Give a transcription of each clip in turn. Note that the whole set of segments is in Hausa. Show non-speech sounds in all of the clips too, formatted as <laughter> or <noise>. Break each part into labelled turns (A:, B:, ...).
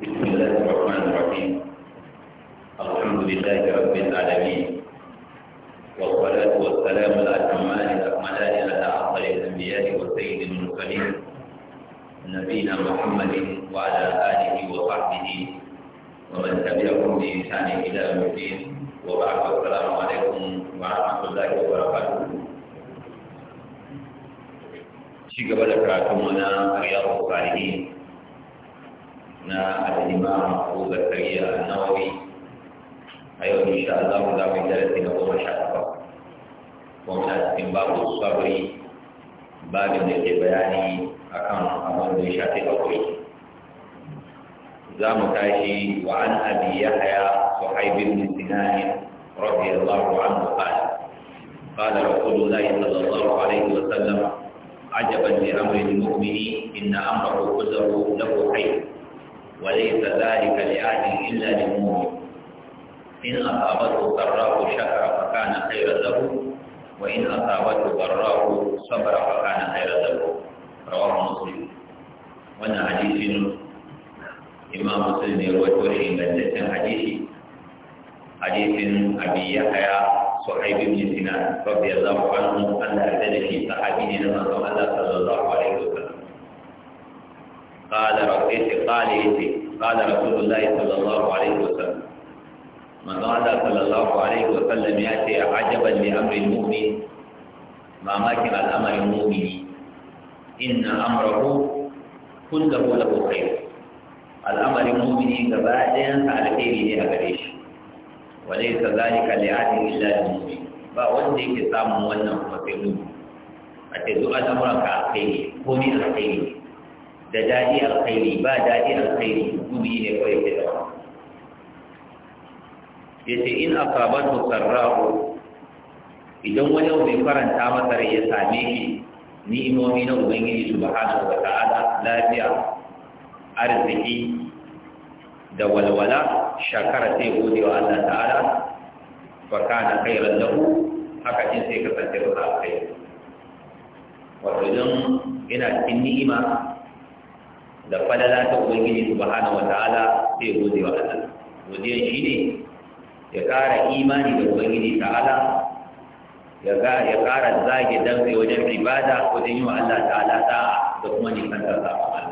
A: بسم الله الرحمن الرحيم الحمد لله رب العالمين والصلاة والسلام الأتمان الأكمال على أفضل الأنبياء وسيد المرسلين نبينا محمد وعلى آله وصحبه ومن تبعهم بإحسان إلى يوم وبعد السلام عليكم ورحمة الله وبركاته شكرا بدر على رياض الصالحين na al'imam abu zakariya nawawi a yau insha Allah mu zamu darasi na goma sha takwas ko muna cikin babu sabri babin da ke bayani akan abin da ya shafi aure za mu tashi wa an abi yahya suhaib ibn sinan radiyallahu anhu qala قال رسول الله صلى الله عليه وسلم عجبا لامر المؤمن ان امره كله له خير وليس ذلك لأحد إلا للمؤمن إن أصابته سراء شكر فكان خيرا له وإن أصابته ضراء صبر فكان خيرا له رواه مسلم وأنا حديث إمام مسلم يروي في مجلس حديث حديث أبي يحيى صحيح بن سنان رضي الله عنه أن أذنه صحابي لما قال صلى الله عليه وسلم قال رئيس قال إيتي قال رسول الله صلى الله عليه وسلم من قال صلى الله عليه وسلم يأتي عجبا لأمر المؤمن ما مكن الأمر المؤمن إن أمره كله له خير الأمر المؤمن كبعد على خيره أبريش وليس ذلك لأحد إلا المؤمن فأولي كتاب مولنا ومسلمون أتدعى الأمر كالخير قومي الخير da daɗi alkhairi ba daɗi alkhairi gumi ne kawai ke da ya ce in asabatu sarrafu. idan wani mai faranta masa rai ya same shi ni'imomi na ubangiji subhanahu wa ta'ala lafiya arziki da walwala shakara sai gode wa Allah ta'ala faka na khairan lahu haka din sai kasance ba kai wato idan yana cikin ni'ima da falala ta ubangiji subhanahu wataala sai gode wa Allah shi ne ya ƙara imani da ubangiji ta'ala ya ya ƙara zage dantse wajen ibada wajen yi wa Allah ta'ala ta da kuma nisantar sabon Allah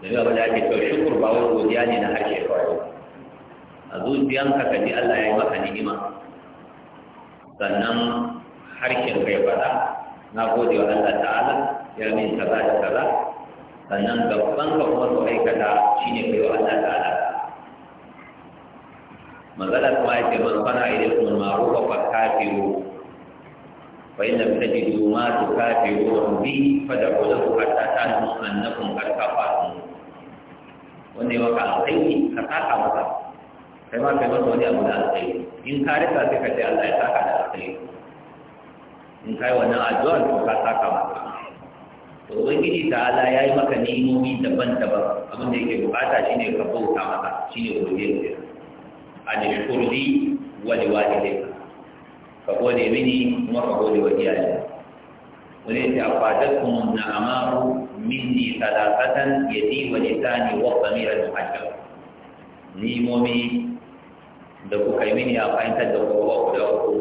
A: da yau da ake kyau shukur ba wai godiya ne na harshe kawai a zuciyanka ka ji Allah ya yi maka ni'ima sannan harshen kai faɗa na gode wa Allah ta'ala ya min kaza da kaza sannan gaban ka kuma su aikata shi ne kai wa Allah ta'ala magana kuma yake man fara ilaykum al-ma'ruf fa kafiru fa inna tajidu ma tukafirun bi fa da lahu hatta ta'lamu annakum qad kafartum wanda ya maka alkhairi ka ka masa kai ma kai masa wani abu da alkhairi in ka rika sai ka ce Allah ya saka da alkhairi in kai wannan addu'a to ka saka masa to ubangiji ta'ala ya yi maka nimomi daban-daban abin da yake bukata ne ka bauta maka shine godiya a da nishkurli wani walidai ka gode mini kuma ka gode wa iyaye wani ce a fadar kuma na amaru minni talakatan wani wa lisani wa samiran hajjar Nimomi da kuka yi mini a fahimtar da kowa guda uku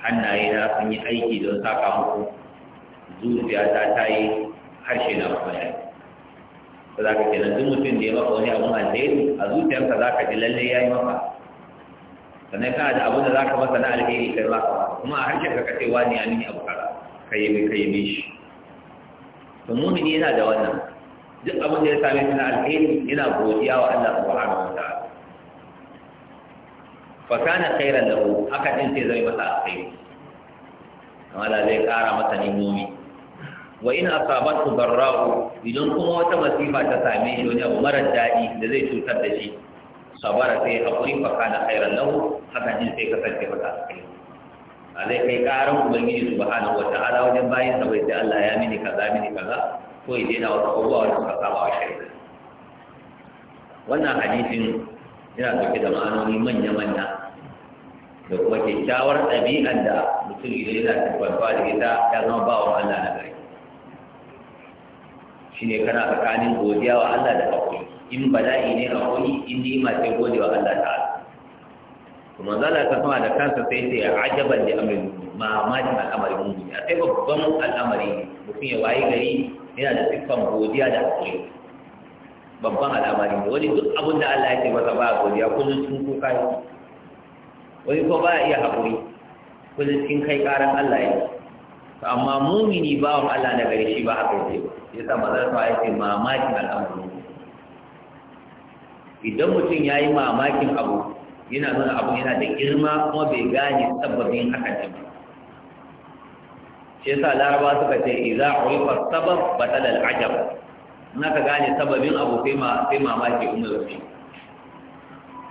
A: hannaye na sun yi aiki don saka muku zuciya ta yi harshe na bayan ba za ka kenan duk mutum da ya maka wani abun alheri a zuciyarka za ka ji lalle ya yi maka sannan kana da abin da za ka masa na alheri kai ba kuma a harshen ka kace wani ya mini abu kara ka yi mai ka yi shi to mumini yana da wannan duk abin da ya same shi na alheri yana godiya wa Allah subhanahu wa ta'ala fa kana khairan lahu haka din sai zai masa alheri amma da zai kara masa nimomi wa in asabatu darra'u idan kuma wata masifa ta same shi wani abu marar daɗi da zai cutar da shi sabara sai hakuri fa kana khairan lahu haka jin sai kasance masa alkhairi a zai kai karan ubangiji subhanahu wata'ala wajen bayin sa bai sai Allah ya mini kaza mini kaza ko ya daina wasu abubuwa wanda suka saba wa shari'a wannan hadisin yana dauke da ma'anoni manya-manya da kuma kyakkyawar ɗabi'ar da mutum idan yana tabbatuwa da ita ya zama bawan Allah na gari shine kana tsakanin godiya wa Allah da hakuri in bala'i ne hakuri in ma sai gode wa Allah ta'ala kuma zala ta sama da kansa sai sai ajaban da amrin mamakin al'amarin mummuni a sai babban al'amari mutum ya wayi gari yana da siffan godiya da haƙuri? babban al'amari ne wani duk abin da Allah ya ce masa ba godiya kullum sun kuka ne wani ko ba iya haƙuri kullum sun kai ƙaran Allah ya ce. amma mumini wa Allah daga shi ba haka yake ya sa maza su ya ce mamakin al'amari idan mutum ya yi mamakin abu yana nuna abu yana da girma kuma bai gane sababin haka ce ba shi yasa laraba suka ce idza urifa sabab batala al'ajab ka gane sababin abu sai ma sai mamaki umar rafi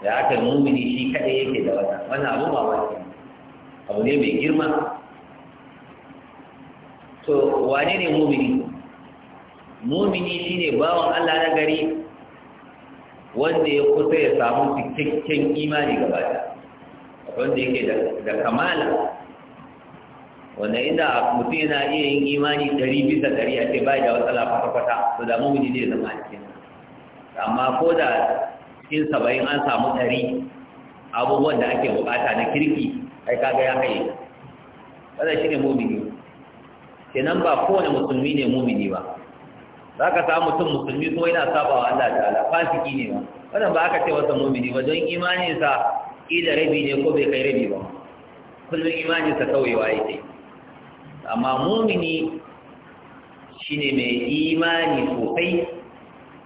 A: da aka mumini shi kaɗai yake da wata, wannan abu mamaki abu ne mai girma to wane ne mumini mumini shine bawan Allah na gari wanda ya kusa ya samu cikakken imani gaba da wanda yake da kamala wanda inda mutum yana iya yin imani dari bisa dari a ce bai da matsala kwata-kwata to da mumini ne zama a cikin amma ko da cikin saba'in an samu dari abubuwan da ake bukata na kirki ai kaga ya kai wannan shine mumini kenan ba kowane musulmi ne mumini ba za ka samu mutum musulmi kuma yana sabawa Allah ta'ala fasiki ne ba wannan ba aka ce wasa mumini ba don imaninsa ƙila rabi ne ko bai kai rabi ba kullum imaninsa kawai waye amma mumini shine mai imani sosai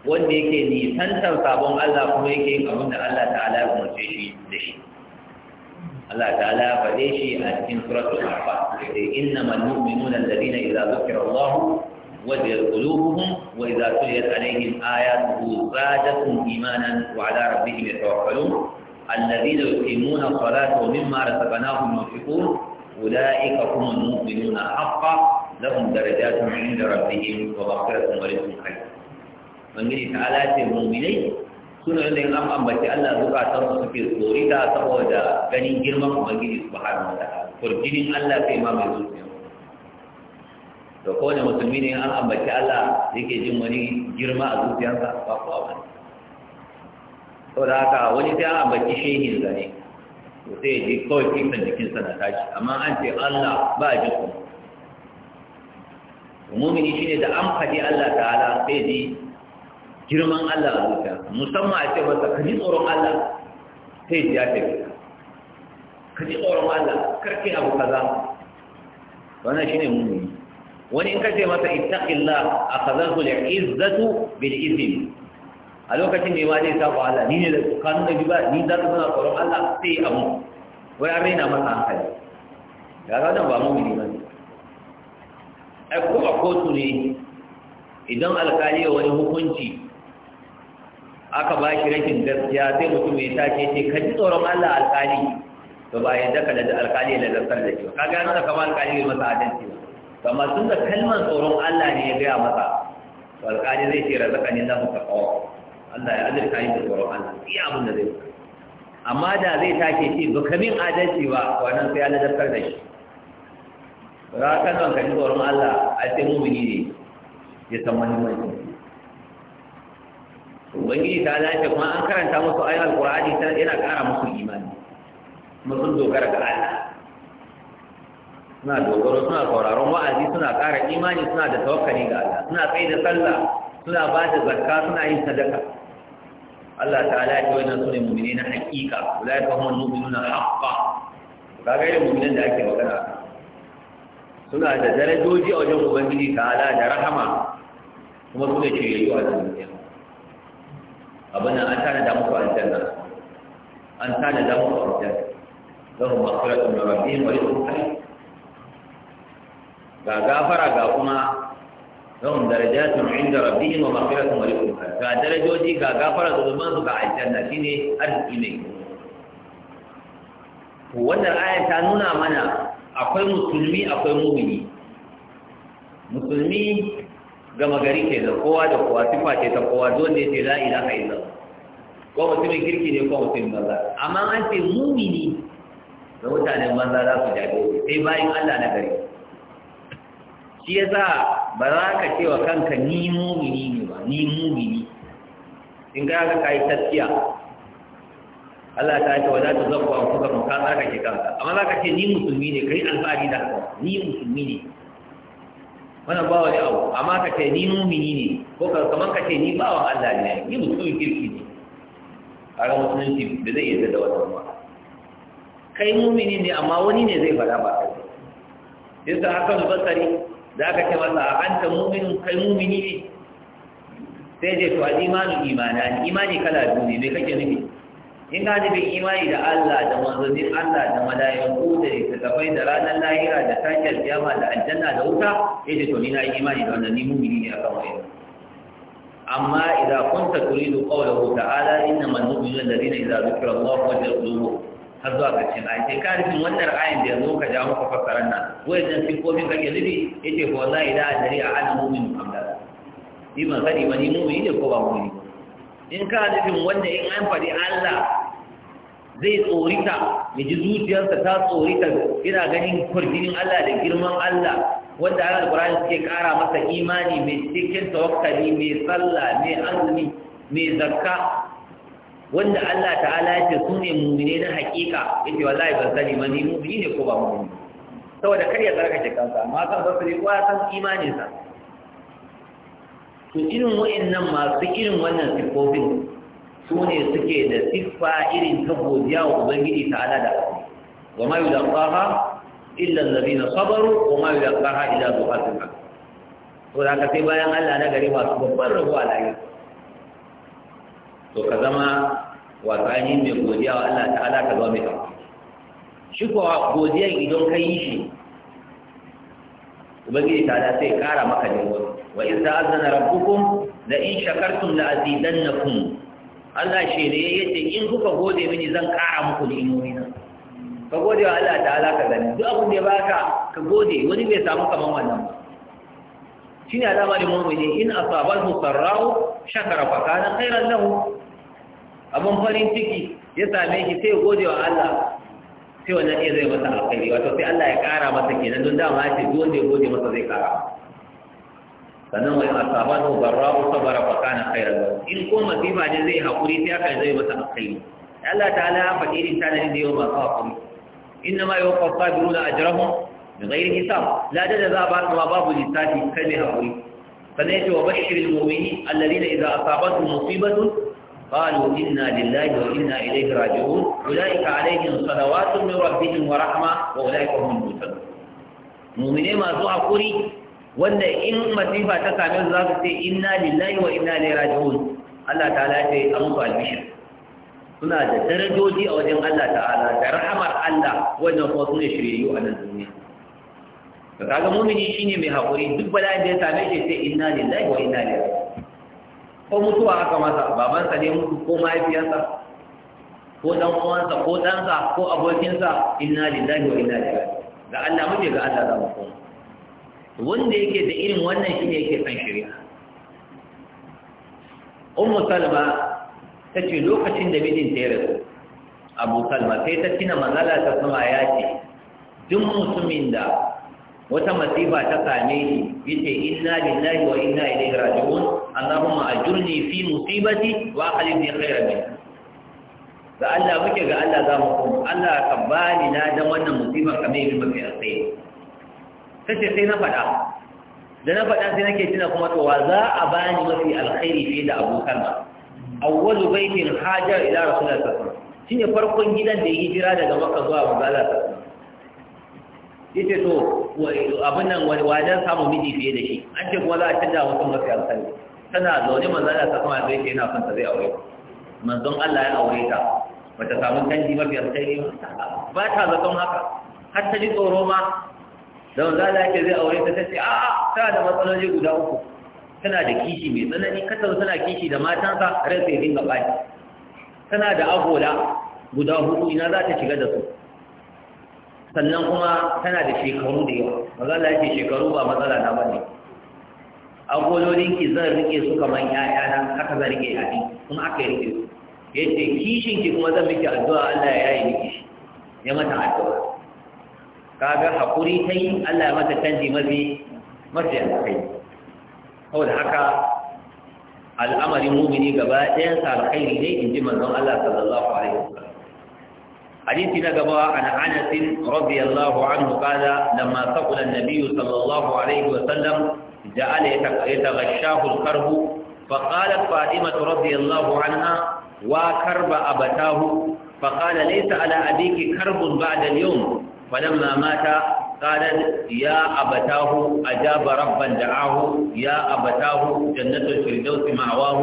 A: wanda yake nisantar sabon Allah kuma yake yin abin da Allah ta'ala ya umarce shi da shi Allah ta'ala ya faɗe shi a cikin suratul arfa sai innamal mu'minuna alladhina idza dhukira Allah وجلت قلوبهم وإذا تليت عليهم آياته زادتهم إيمانا وعلى ربهم يتوكلون الذين يقيمون الصلاة ومما رزقناهم ينفقون أولئك هم المؤمنون حقا لهم درجات عند ربهم ومغفرة ورزق خير من تعالى المؤمنين suna yadda yin ambaci Allah zukatan su suke tsorita saboda ganin girman Ubangiji su hannu da kurjinin Allah sai ma mai zuciya da kowane musulmi ne an ambaci Allah yake jin wani girma a zuciyarsa ba kowa ba sau da haka wani sai an ambaci shehin zane to sai ya ji kawai kisan jikinsa na tashi amma an ce Allah ba a Ku kuma mumini shine da an faɗi Allah ta'ala sai ji girman Allah a zuciya musamman a ce masa ka tsoron Allah sai ya ce ka tsoron Allah karki abu kaza wannan shine mu'mini wani in ka ce masa ittaqillah akhadahu al-izzatu bil ithm a lokacin ne ma zai saba Allah ni ne da kanun da ba ni za ka zama tsoron Allah sai abu wai an raina masa hankali ga ga ba mu'mini ba ne ai ko a kotu ne idan alkali ya wani hukunci aka ba shi rashin gaskiya sai mutum ya tashi ce ka ji tsoron Allah alƙali to ba ya daka da alƙali ya zartar da shi ba kaga yana kama alƙali bai masa adalci ba amma tun da kalmar tsoron Allah ne ya gaya masa to alƙali zai ce razaka ne lahu kawo Allah ya azurta ni da tsoron Allah iya abin da zai amma da zai tashi ce ba ka min adalci ba wannan sai Allah zartar da shi ra kan ka ji tsoron Allah a sai mumini ne ya san muhimmanci ubangiji ta lafiya kuma an karanta musu ayoyin alkur'ani yana ƙara musu imani kuma sun dogara ga Allah suna dogaro suna sauraron wa'azi suna ƙara imani suna da tawakkali ga Allah suna kai da sallah suna ba da zakka suna yin sadaka Allah ta ya ce wannan sune mu'mini na haƙiƙa ulaika humul mu'minuna haqqan kaga irin mu'minin da ake magana suna da darajoji a wajen ubangiji ta'ala da rahama kuma sune ce yayi wa duniya abin nan an tana da muku aljanna an tana da muku aljanna lahum maghfiratun min rabbihim wa rizqun karim ga gafara ga kuma lahum darajatun inda rabbihim wa maghfiratun wa rizqun karim ga darajoji ga gafara da zuban su ga aljanna shine arziki ne wannan aya ta nuna mana akwai musulmi akwai mu'mini musulmi gama gari ke da kowa da kowa sifa ce ta kowa don ne ce a yi zama. ko mutumin kirki ne ko mutumin banza amma an ce mumini da mutanen banza za su jabe sai bayan Allah na gari shi ya sa ba za ka ce wa kanka ni mumini ne ba ni mumini in ka ga ka yi taskiya Allah ta ce wa za ta zaɓa wa kuka muka za ka ce kanka amma za ka ce ni musulmi ne kai alfahari da ni musulmi ne wannan ba wani abu amma ka ce ni mumini ne ko kamar ka ce ni bawan Allah ne ni mutumin kirki ne a ran musulunci da zai yarda da wannan ruwa. kai mumini ne amma wani ne zai faɗa ba kai sai ta haka basari za ka ce masa a anta muminin kai mumini ne sai dai to ma imanu imana imani kala biyu ne me kake nufi in ka ji bin imani da Allah da manzonin Allah da mala'iku da littattafai da ranar lahira da tashar kiyama da aljanna da wuta ya ce to ni na yi imani da wannan ni mumini ne akan wa'in amma idza kunta turidu qawluhu ta'ala innamal mu'minuna alladhina idza dhukira Allah wajilat qulubuhum har zuwa ƙarshen ayi sai ka rufin wannan ayin da yanzu ka ja muka fassarar nan wayannan sifofin kake nufi yace ko wallahi da adari a ana mu'min amda ni ma sani ma ni mu'mini ne ko ba mu'mini in ka rufin wanda in an faɗi Allah zai tsorita ya ji zuciyarsa ta tsorita yana ganin kurjinin Allah da girman Allah wanda har alƙur'ani suke ƙara masa imani mai cikin tawakkali mai sallah mai azumi mai zakka wanda Allah ta'ala ya ce su ne mumine na haƙiƙa ce wallahi ban sani ma ni mumini ne ko ba mumini saboda kar ya tsarkake kansa amma kan ba ne kowa san imaninsa to irin wa'annan masu irin wannan sifofin su ne suke da siffa irin ta godiya wa ubangiji ta'ala da wa ma yulqaha illa na sabaru wa ma yulqaha illa zu hasana to da sai bayan Allah na gari masu babban rabo a layi to ka zama wasani mai godiya wa Allah ta'ala ka zama mai tauki shi kuwa godiyan idan ka yi shi ubangiji ta'ala sai kara maka ne wani wa in ta'azzana rabbukum la in shakartum la azidannakum Allah shi ne ce in kuka gode mini zan kara muku ni'imomi na ka gode wa Allah ta'ala ka gani duk abin da ya baka ka gode wani bai samu kaman wannan ba alama alamar mu'mini in asabahu sarra'u shakara fa kana khairan lahu abin farin ciki ya same shi sai gode wa Allah sai wannan iya zai masa alkhairi wato sai Allah ya kara masa kenan don dama ya ce duk wanda ya gode masa zai kara sannan wani asaban hu barra'u sabara fa na kai lahu in ko ba ne zai hakuri sai aka zai masa alkhairi Allah ta'ala ya faɗi irin tanadin da yau ba masu hakuri inna ma yawfa sabiruna ajrahum bighairi hisab la da za ba kuma babu lissafi kai ne hakuri sannan ya ce wa allari bashiril mu'minin alladhina idza asabatuhum musibatun قالوا إنا لله وإنا إليه راجعون أولئك عليهم صلوات من ربهم ورحمة وأولئك هم المهتدون مؤمنين ما زوا قري wanda in masifa ta same su za su ce inna lillahi wa inna ilaihi raji'un Allah ta ya ce a muku albishir suna da darajoji a wajen Allah ta'ala da rahamar Allah wajen kuma sune shirye a nan duniya Ka kaga mumini shine mai haƙuri, duk Bala da ya same shi sai inna lillahi wa inna ilaihi ko mutuwa aka masa babansa ne mutu ko mahaifiyarsa ko dan uwansa ko ɗansa ko abokinsa inna lillahi wa inna ilaihi raji'un da Allah muke ga Allah za mu koma wanda yake da irin wannan shi ne yake san shari'a umu salma ta ce lokacin da mijinta ya rasu abu salma sai ta tina manzala ta sama ya ce duk mutumin da wata masifa ta same shi yace inna lillahi wa inna ilaihi raji'un allahumma ajurni fi musibati wa akhlifni kai minha ga Allah muke ga Allah za mu kuma Allah ka bani na dan wannan musibar kamar yadda muke a tsaye tace sai na faɗa da na faɗa sai nake tuna kuma to wa za a bani mafi alkhairi fiye da Abu Salma awwalu baitin hajar ila rasulullahi sallallahu alaihi wasallam shine farkon gidan da ya hijira daga Makka zuwa Madina yace to abin nan wani wajen samu miji fiye da shi an ce kuma za a canza wasu mafi alkhairi tana zaune manzon Allah ta kuma zai ce yana son ta zai aure manzon Allah ya aure ta bata samu canji mafi alkhairi ba ta zaton haka har ta ji tsoro ma don za da ke zai aure ta tace a ta da matsaloli guda uku tana da kishi mai tsanani kasar tana kishi da matansa ran sai dinga baki tana da agola guda hudu ina za ta shiga da su sannan kuma tana da shekaru da yawa magana ce shekaru ba matsala na bane agololin ki zan rike su kamar ƴaƴana aka zan rike yaɗi kuma aka rike su yace kishin ki kuma zan miki addu'a Allah ya yaye miki ya mata addu'a kaga hakuri ta yi Allah ya mata canji mafi mafi Kawai da haka al'amarin mumini gaba ɗayan sa alkhairi ne in ji manzon Allah sallallahu alaihi Wa sallam. hadisi na gaba an Anas radiyallahu anhu qala lamma saqala an-nabiy sallallahu alaihi Wa sallam wasallam جعل يتغشاه الكرب فقالت فاطمة رضي الله عنها وكرب أبتاه فقال ليس على أبيك كرب بعد اليوم فلما مات قالت يا أبتاه أجاب ربا دعاه يا أبتاه جنة الفردوس معواه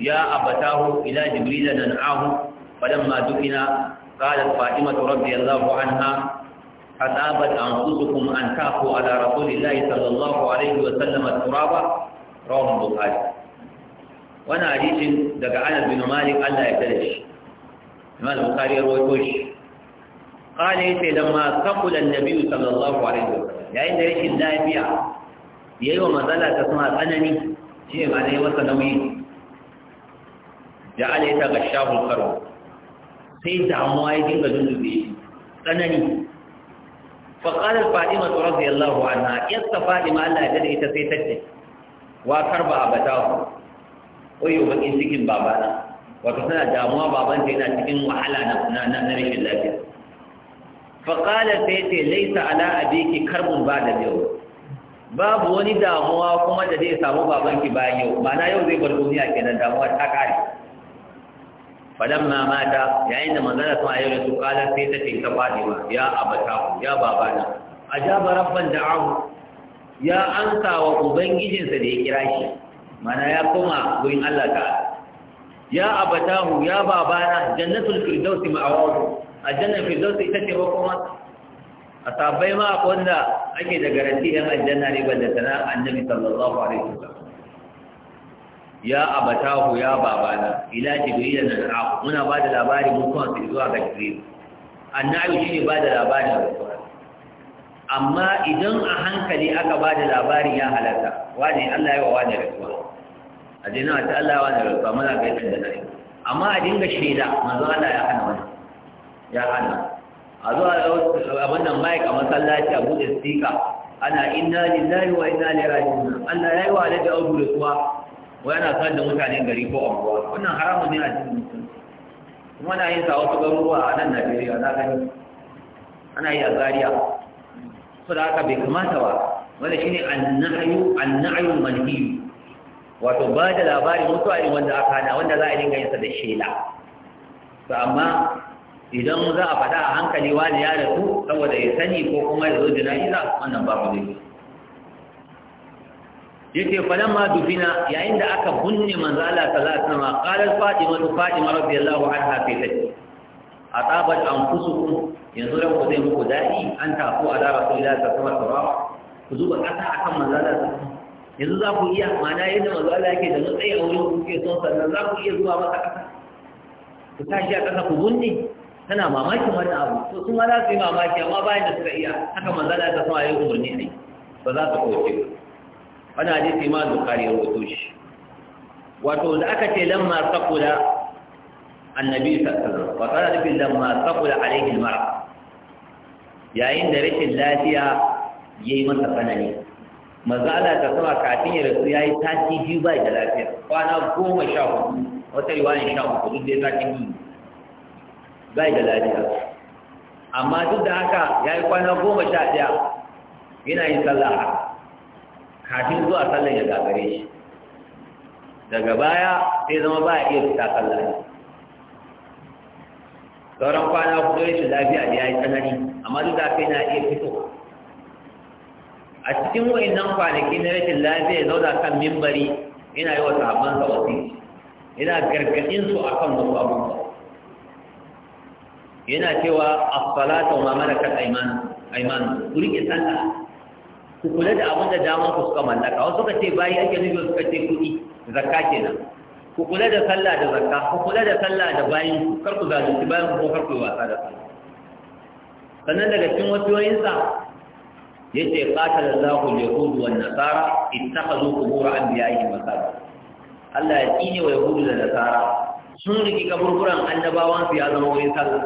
A: يا أبتاه إلى جبريل ننعاه فلما دفن قالت فاطمة رضي الله عنها أتابت أنفسكم أن تأخوا على رسول الله صلى الله عليه وسلم الترابة رواه البخاري وانا حديث دقى أنس بن مالك الله يتدش إمام البخاري روي qala yace ce saqula an-nabi sallallahu alaihi yayin da rashin lafiya yi wa matsala ta suna tsanani shi ma dai wasa nauyi ja'ala ga al karo. sai damuwa ya dinga dundube shi tsanani فقالت فاطمة رضي الله عنها يس فاطمة الله جدي تسيتك وكرب أبتاه ويو بكين سكين بابانا وتسنى داموا بابان تينا سكين na rashin lafiya. faƙala sai ce laisa ala abiki karbun ba da yau babu wani damuwa kuma da zai samu babanki bayan yau mana yau zai bar duniya kenan damuwa ta kare falamma mata yayin da manzara sun ayyau da su sai ta ce ta ma ya abata ya babana ajaba rabban da'ahu ya ansa wa ubangijinsa da ya kira shi mana ya koma wurin Allah ta'ala ya abatahu ya babana jannatul firdaus ma'awahu aljannatul firdaus ita ce kuma? a sabai ma wanda ake da garanti yan aljanna ne banda sana annabi sallallahu alaihi wasallam ya abatahu ya babana ila jibril na na'u muna ba da labari mun kuma su zuwa ga jibril annabi shine ba da labari amma idan a hankali aka ba da labarin ya halarta, wani Allah ya wa wani rasuwa a je na ta Allah wa da rasuwa muna ga yadda da kai amma a dinga shaida manzo Allah ya hana wani ya hana a zuwa abin nan mic a masallaci a buɗe speaker ana inna lillahi wa inna ilaihi raji'un Allah yayi wa da abu da suwa wa yana san da mutanen gari ko anguwa wannan haramun ne a cikin musulunci kuma na yin sa wasu garuruwa a nan Najeriya na gani ana yi a Zaria saboda haka bai kamata ba wanda shine an-nahyu manhiyu wato ba da labari mutuwa ne wanda aka hana wanda za a dinga yinsa da shela to amma idan za a fada a hankali wani ya rasu saboda ya sani ko kuma ya zo jana'iza wannan babu ne Yake falan ma dufina yayin da aka bunne manzo Allah sallallahu alaihi wasallam qalat fatima fatima radiyallahu anha fi tati atabat anfusukum yanzu da ku zai muku dadi an tafu ala rasulillahi sallallahu alaihi wasallam ku zuba kasa akan manzo Allah sallallahu alaihi wasallam yanzu za ku iya mana yadda manzo Allah yake da matsayi a wurin kuke son sannan za ku iya zuwa masa ƙasa ku tashi a ƙasa ku bunne tana mamakin wannan abu to su ma za su yi mamaki amma bayan da suka iya haka manzo Allah ta sama yayin umarni ne ba za su kauce ba wannan hadisi ma Bukhari ya rawaito shi wato da aka ce lamma saqula annabi sallallahu alaihi wasallam wa qala bi lamma saqula alaihi al-mar'a yayin da rashin lafiya yayi masa tsanani Maza Allah ta saba kafin ya rasu ya yi sati biyu ba da lafiya kwana goma sha hudu wata wani sha hudu duk ya sati biyu ba da lafiya amma duk da haka ya yi kwana goma sha ɗaya yana yin sallah kafin zuwa sallar ya gagare shi daga baya sai zama ba a iya fita sallah ne sauran kwana hudu shi lafiya da ya yi tsanani amma duk da haka yana iya fitowa a cikin wa'annan kwanaki na rashin lafiya ya zauna kan mimbari yana yi wa sahabbansa wasi yana gargadin su akan wasu abubuwa yana cewa as-salatu ma malakat kan aymanu ku rike sanda, ku kula da abin da daman ku suka mallaka wasu suka ce bayi ake nufi suka ce kuɗi zakka kenan ku kula da sallah da zakka ku kula da sallah da bayin ku kar ku zalunci bayan ku ko kar ku yi wasa da sallah sannan daga cikin sa? yace qatala Allahu al-yahud wa an-nasara ittakhadhu qubur anbiya'ihim masajid Allah ya tsine wa yahud da nasara sun riki kaburburan annabawan su ya zama wurin sallah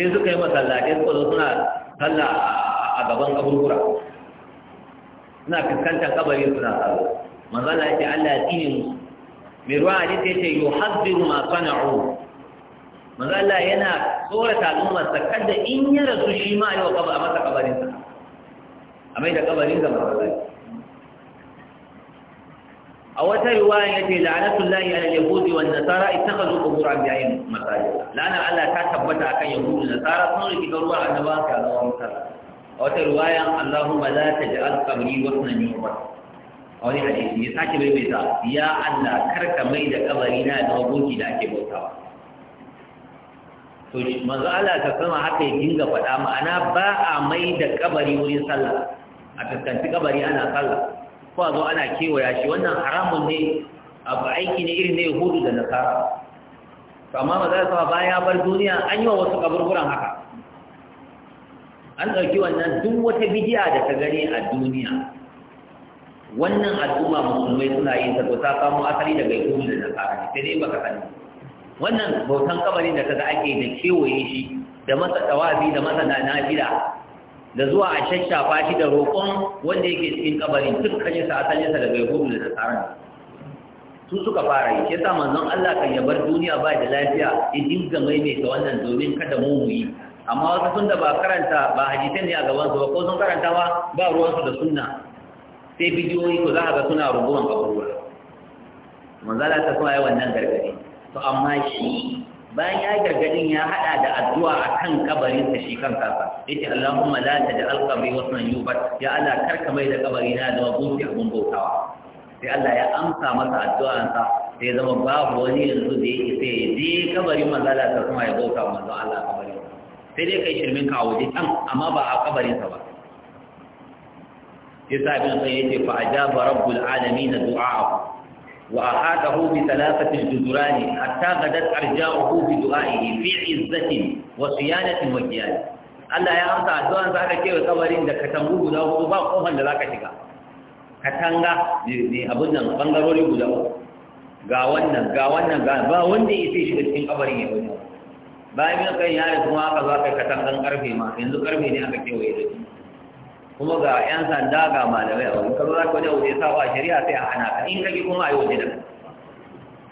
A: sai suka yi masallatai suka zo suna sallah a gaban kaburbura suna fuskantar kabari suna sallah manzo Allah ya ce Allah ya tsine musu mai ruwa hadisi yace yuhaddiru ma sana'u manzo Allah yana tsorata al'ummar sa kada in ya rasu shi ma yau kaba masa kabarin sa a mai da kabarin sa manzo a wata riwaya yace la'natullahi ala yahudi wan nasara ittakhadhu qubur anbiya'ihim masajid la'ana Allah ta tabbata akan yahudi da nasara sun riki garuwa annabawa ka zama masala a wata riwaya Allahumma la taj'al qabri wasnan wa a wani hadisi ya sake maimaita ya Allah karka mai da kabari na da aboki da ake bautawa to manzo Allah ka sama haka ya dinga faɗa ma'ana ba a mai da kabari wurin sallah a kaskanci kabari ana sallah ko a zo ana kewaya shi wannan haramun ne abu aiki ne irin na yahudu da nasara to amma maza ya sama bayan ya bar duniya an yi wa wasu kaburburan haka an ɗauki wannan duk wata bidiya da ta gani a duniya wannan al'umma musulmai suna yin ta ko ta samu asali daga yahudu da nasara ne sai dai baka sani wannan bautan kabarin da kaga ake da kewaye shi da masa tawabi da masa nafila da zuwa a shashafa shi da roƙon wanda yake cikin kabarin dukkanin sa asalin sa daga yahudu da nasaran su suka fara yi yasa manzon Allah kan ya bar duniya ba da lafiya ya dinga maimaita wannan domin kada mu mu yi amma wasu sun da ba karanta ba hadisan ne a gaban su ba ko sun karanta ba ba ruwan su da sunna sai bidiyoyi ko za ka ga suna rubuwan kaburbura manzala ta kuma yi wannan gargadi to amma shi bayan ya gargadin ya hada da addu'a akan kabarin sa shi kan kafa yace Allahumma la taj'al qabri nan yubat ya Allah karka mai da kabari na da gunki abun bautawa sai Allah ya amsa masa addu'an sa sai zama babu wani yanzu da yake sai je kabarin manzo Allah ta kuma ya bauta manzo Allah kabarin sai dai kai shirmin ka waje can amma ba a kabarin sa ba yasa bin sai yace fa ajaba rabbul alamin du'a وأحاطه بثلاثة الجدران حتى غدت أرجاؤه بدعائه في عزة وصيانة وكيانة Allah ya amsa addu'an sa aka kewa kabarin da katangu guda hudu ba kofar da ka shiga katanga ne abin nan bangarori guda ga wannan ga wannan ga ba wanda ya sai shiga cikin kabarin ya wani bayan yin kan yare kuma aka zo aka katangan karfe ma yanzu karfe ne aka kewaye da shi kuma ga yan sanda ga malamai a wani karo za ka wajen waje sawa shari'a sai a hana ka in ka ki kuma a yi waje da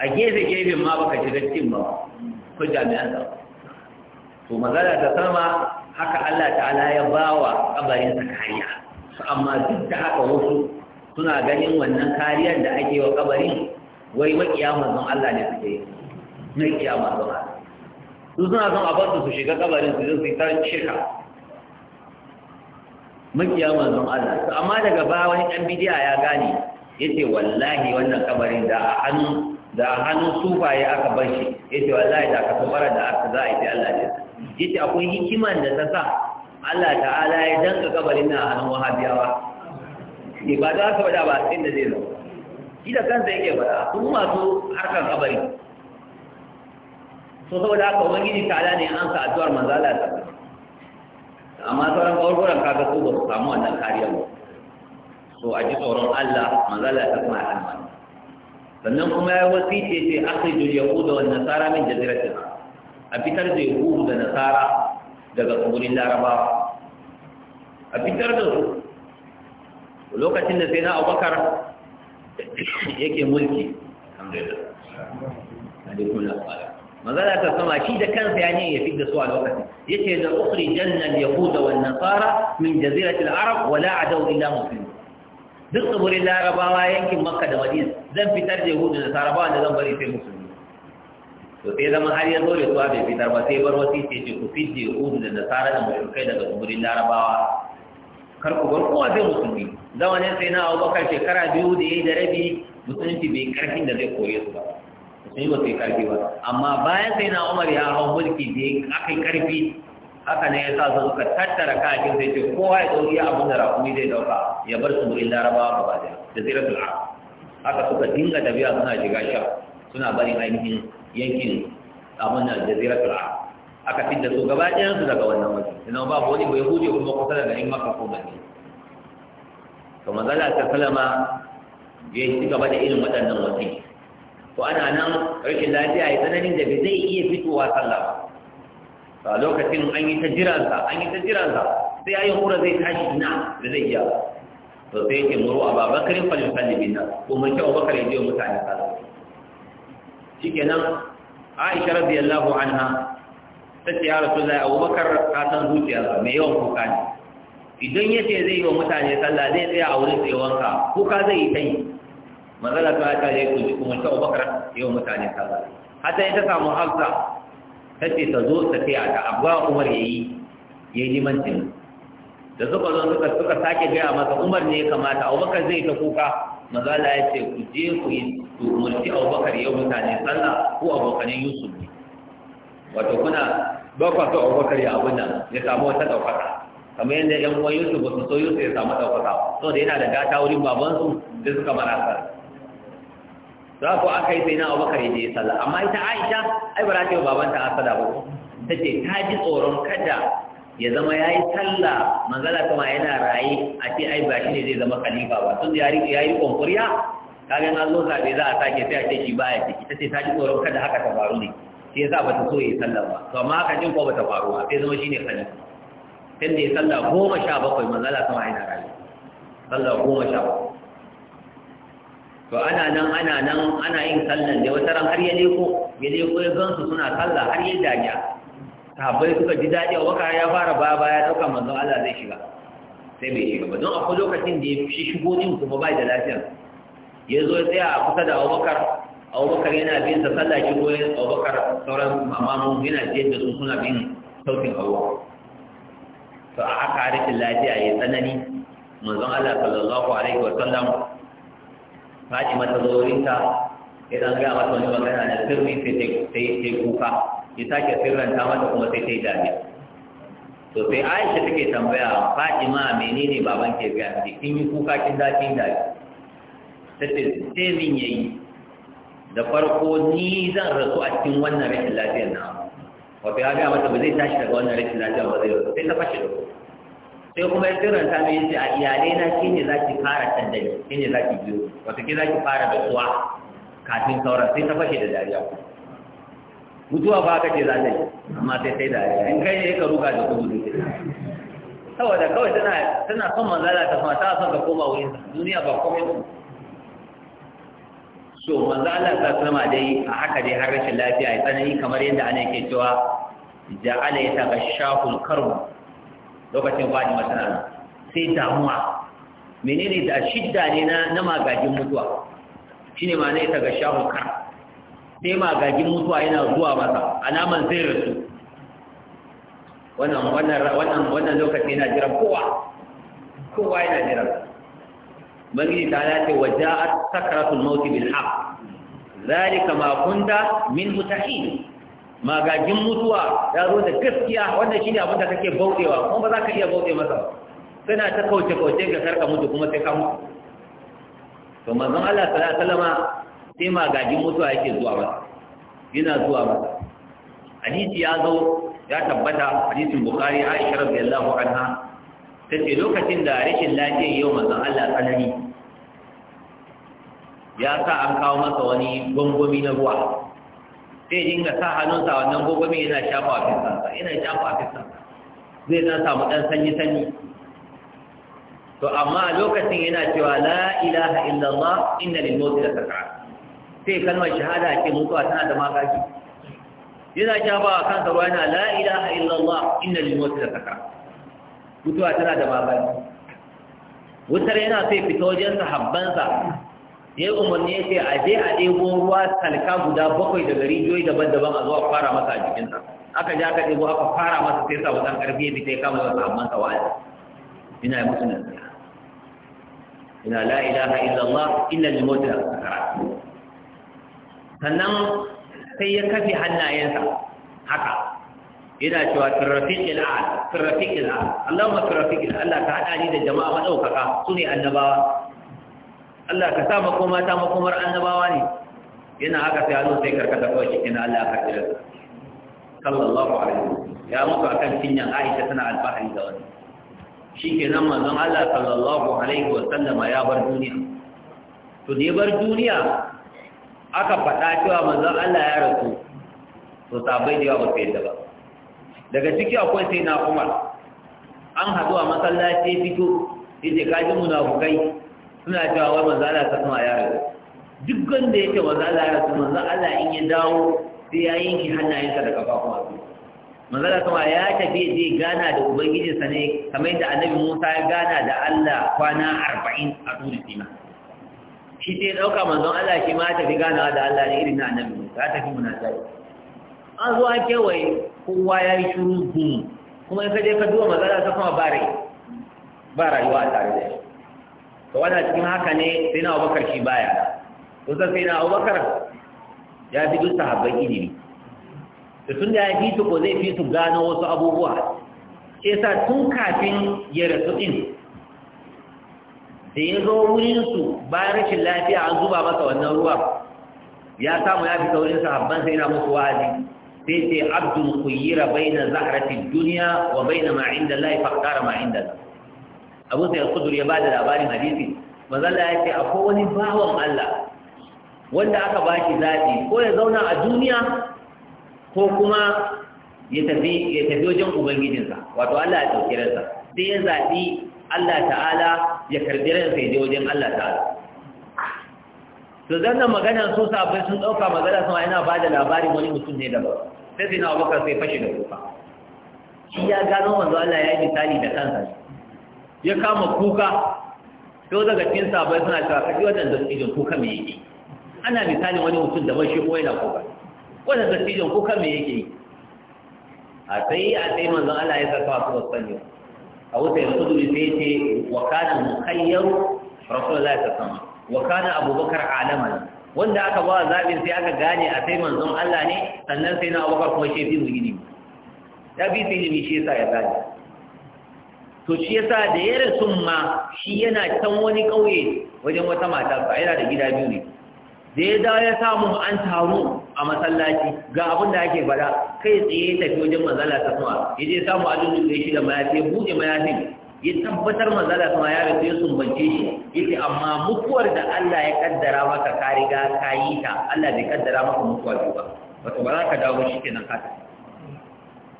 A: a gefe gefen ma baka shiga cikin ba ko jami'an tsaro to magana ta sama haka Allah ta'ala ya bawa kabarin sa kariya amma duk da haka wasu suna ganin wannan kariyar da ake wa kabarin wai makiya manzon Allah ne suke yi makiya manzon Allah su suna son a bar su shiga kabarin su zai su yi shirka makiya manzon Allah to amma daga ba wani dan bidiya ya gane yace wallahi wannan kabarin da a hannu da a sufaye aka bar shi yace wallahi da aka fara da aka za a yi Allah ya yace akwai hikiman da ta sa Allah ta'ala ya danka kabarin na hannun wahabiyawa ne ba za ka ba sai da zai zo shi da kansa yake faɗa su masu harkar kabari so saboda haka ubangiji ala ne an sa addu'ar manzo Allah ta amma sauran kawo kaga su ba su samu wannan kariya ba so a ji tsoron Allah manzala ta kuma a wani sannan kuma ya wasice ce ce akhrijul yahuda wan nasara min jaziratin a fitar da yahudu da nasara daga tsibirin larabawa a fitar da su lokacin da sai na abubakar yake mulki alhamdulillah alaikum assalam magana ta sama shi da kansa ya ne ya fi da su a lokacin yace da ukhri jannal yahud wal nasara min jazirati al arab wa la adaw illa muslim duk tsibirin larabawa yankin makka da madina zan fitar da yahudu da sarabawa da zan bari sai musulmi to sai zama har yanzu da suwa bai fitar ba sai bar wasi ce ce ku fidda yahudu da nasara da mushrikai daga larabawa bar sai musulmi zamanin sai na shekara biyu da ya yi da rabi musulunci bai karfin da zai kore su ba sun yi ba sai karfi ba amma bayan sai na umar ya hau mulki da ya kai karfi haka ne ya sa su suka tattara kakin sai ce kowa ya ɗauki abin da rakumi zai ɗauka ya bar su murin larabawa gaba da da ziratul arab haka suka dinga tafiya suna shiga sha suna barin ainihin yankin abin da da ziratul arab aka da su gaba ɗayan su daga wannan waje ba babu wani bai huje kuma kusa da garin maka ko bane to manzala ta salama ya shi gaba da irin waɗannan wasu. To ana nan rashin lafiya ya tsananin da bai zai iya fitowa sallah ba a lokacin an yi ta jiransa an yi ta jiransa sai ya yi hura zai tashi na da zai iya to sai yake muru a babakarin falin ko nan umarci abubakar ya je mutane sallah nan, aisha radiyallahu anha ta ce ya rasu zai abubakar ka san ba mai yawan kuka ne idan ya ce zai yi wa mutane sallah zai tsaya a wurin tsayawanka kuka zai yi ta yi manzala ta ta ne ku ji kuma ta Abubakar yau mutane ta sallah hatta ita samu Hafsa ce ta zo ta ce ta abuwa Umar yayi yayi limancin da suka zo suka suka sake gaya masa Umar ne ya kamata Abubakar zai ta kuka manzala ya ce ku je ku yi ku umarci Abubakar yau mutane sallah ko abokanin Yusuf ne wato kuna ba kwa so abubakar ya abin nan ya samu wata ɗaukaka kamar yadda yan uwan yusuf ba su so yusuf ya samu ɗaukaka so da yana da gata wurin babansu da suka marasa za ku aka yi sai na abubakar ya je sallah amma ita aisha ai ba za ta yi babanta asada ba ta ce ta ji tsoron kada ya zama ya yi sallah manzala kuma yana raye a ce ai ba shi ne zai zama khalifa ba tun da ya yi kwamfuriya ga na zo zaɓe za a sake sai a ce shi baya ciki ta ce ta ji tsoron kada haka ta faru ne sai sa ba ta so ya yi sallah ba to amma haka jin ko ba ta faru ba sai zama shi ne khalifa tun da ya sallah goma sha bakwai manzala kuma yana raye sallah goma sha bakwai to ana nan ana nan ana yin sallan da wata ran har ya leko ya leko ya gansu suna sallah har ya dariya sahabbai suka ji daɗi a waka ya fara baya baya ɗauka manzon Allah zai shiga sai bai shiga ba don akwai lokacin da ya fi shigo din kuma bai da lafiya ya zo ya tsaya a kusa da Abubakar Abubakar yana bin sa sallah shigo ya Abubakar sauran mamamu yana jiyar da su suna bin sautin hawa to a haka rikin lafiya ya tsanani manzon Allah sallallahu alaihi wa sallam fatima ta zo wurinta ya dan ga mata wani magana da sirri sai ta kuka ya sake sirranta mata kuma sai ta yi dariya to sai aisha take tambaya fatima menene baban ke gaya miki kin yi kuka kin da kin dariya ta ce sai min yi da farko ni zan rasu a cikin wannan rashin lafiyar na wato ya gaya mata ba zai tashi daga wannan rashin lafiyar ba zai rasu sai ta fashe da sai kuma ya kiranta mai yace a iyalai na shine zaki fara tandani shine zaki biyo wato ke zaki fara da tuwa kafin sauran sai ta fashe da dariya mutuwa ba ka ce za ta yi amma sai sai dariya in kai ne ka ruga da kudu saboda kawai tana tana son manzala ta kuma ta son ka koma wurin duniya ba komai ba
B: so manzala ta sama dai a haka dai har rashin lafiya ya tsanani
A: kamar yadda ana yake cewa ja'ala ya taga shahul karbu lokacin Fatima tana nan sai damuwa menene da shidda ne na na magagin mutuwa shine ma ne ta ga shahu kar sai magajin mutuwa yana zuwa masa alaman zai rasu wannan wannan wannan wannan lokaci yana jiran kowa kowa yana jiran ubangiji ta ya ce waja'at sakratul maut bil haqq zalika ma kunta min mutahin magagin mutuwa ya zo da gaskiya wanda shi ne abinda kake bautewa kuma ba za ka iya bauɗe masa ba ta kauce kauce ga karka mutu kuma sai ka mutu to manzon Allah sallallahu alaihi wasallam sai magagin mutuwa yake zuwa masa yana zuwa masa hadisi ya zo ya tabbata hadisin bukhari aisha radiyallahu anha tace lokacin da rashin lafiyar yau manzon Allah tsanani ya sa an kawo masa wani gongomi na ruwa zai dinga sa hannunsa wannan gogomin yana shafa a fiskansa yana shafa a fiskansa zai dan samu ɗan sanyi sanyi to amma lokacin yana cewa La'ilaha ilaha illallah inna lil mawt la sakar sai kalmar shahada ke mutuwa tana da makaki yana shafa a kansa ruwa yana La'ilaha ilaha illallah inna lil mawt la sakar mutuwa tana da makaki wutar yana sai fito wajensa sahabbansa ya umarni ya ce a je a ɗebo ruwa talka guda bakwai daga rijiyoyi daban-daban a zuwa fara masa a jikinsa aka ja aka ɗebo aka fara masa sai sa wasan ƙarfi ya fita ya kama wasu amman wa'azi ina yi na nasiha ina la ilaha illallah illa lil mawt sakarat sannan sai ya kafe hannayensa haka yana cewa tirafiqil a'la tirafiqil a'la Allahumma tirafiqil Allah ka hada ni da jama'a madaukaka ne annabawa Allah ka sa makoma ta makomar annabawa ne yana haka sai hannu sai karkata kawai cikin Allah ka tsira sallallahu alaihi wasallam ya mutu akan cinyan Aisha tana alfahari da wani shikenan manzon Allah sallallahu alaihi wa sallama ya bar duniya to da ya bar duniya aka faɗa cewa manzon Allah ya rasu to sabai da yawa ba su yadda ba daga ciki akwai sai na kuma. an haɗu a masallaci fito yace kaji munafukai suna cewa wai manzo Allah ta sama ya rasu duk wanda yake manzo Allah ya rasu manzo Allah in ya dawo sai ya yanki hannayensa da kafafuwa manzo Allah kuma ya tafi je gana da ubangiji sa ne kamar yadda annabi Musa ya gana da Allah kwana 40 a turi sima shi sai dauka manzon Allah shi ma tafi gana da Allah ne irin na annabi Musa ya tafi munajati an zo an kewaye kowa ya yi shuru gumi kuma in ka je ka duba manzo Allah ta kuma ba rai ba rayuwa a tare da shi to wannan cikin haka ne sai na abubakar shi baya to sai na abubakar ya fi duk sahabban ilimi Da tun da ya fi su ko zai fi su gano wasu abubuwa sai sa tun kafin ya rasu din da ya zo wurinsu bayan rashin lafiya an zuba masa wannan ruwa ya samu ya fi saurin sahabban sai na musu wa'azi sai sai abdul kuyira baina zahrati dunya wa baina ma inda Allah fa qara ma inda abu sai kudur ya bada labarin hadisi manzala ya ce akwai wani bawan Allah wanda aka baki zaɓi ko ya zauna a duniya ko kuma ya tafi ya tafi wajen ubangijinsa wato Allah ya dauki ransa sai ya zaɓi Allah ta'ala ya karbi ransa ya je wajen Allah ta'ala to zanna magana su sabai sun dauka magana sama yana bada labarin wani mutum ne daban sai sai na Abubakar sai fashe da kuka shi ya gano manzo Allah ya yi misali da kansa ya kama kuka to daga cikin sabai suna cewa kaji wannan dattijon kuka me yake ana misalin wani mutum da bashi ko yana kuka wannan dattijon kuka me yake a sai a sai manzon Allah ya saka su sanyo a wuta ya kudu sai ya ce wa kana mukayyaru rasulullahi sallallahu alaihi wasallam wa kana abubakar alaman wanda aka ba zaɓin sai aka gane a sai manzon Allah ne sannan sai na abubakar kuma shefi mu gini ya bi sai ne mi shi yasa ya gane to shi yasa da ya rasu ma shi yana can wani ƙauye wajen wata mata yana da gida biyu ne da ya dawo ya samu an taru a masallaci ga abin da ake fada kai tsaye ya tafi wajen mazala ta kuma ya je samu abin da shi da mayafi ya buɗe mayafi. ya tabbatar mazala kuma ya rasu ya sumbance shi Ya ce amma mutuwar da Allah ya kaddara maka ka riga ka yi ta Allah bai kaddara maka mutuwa ba wato ba za ka dawo shi kenan ka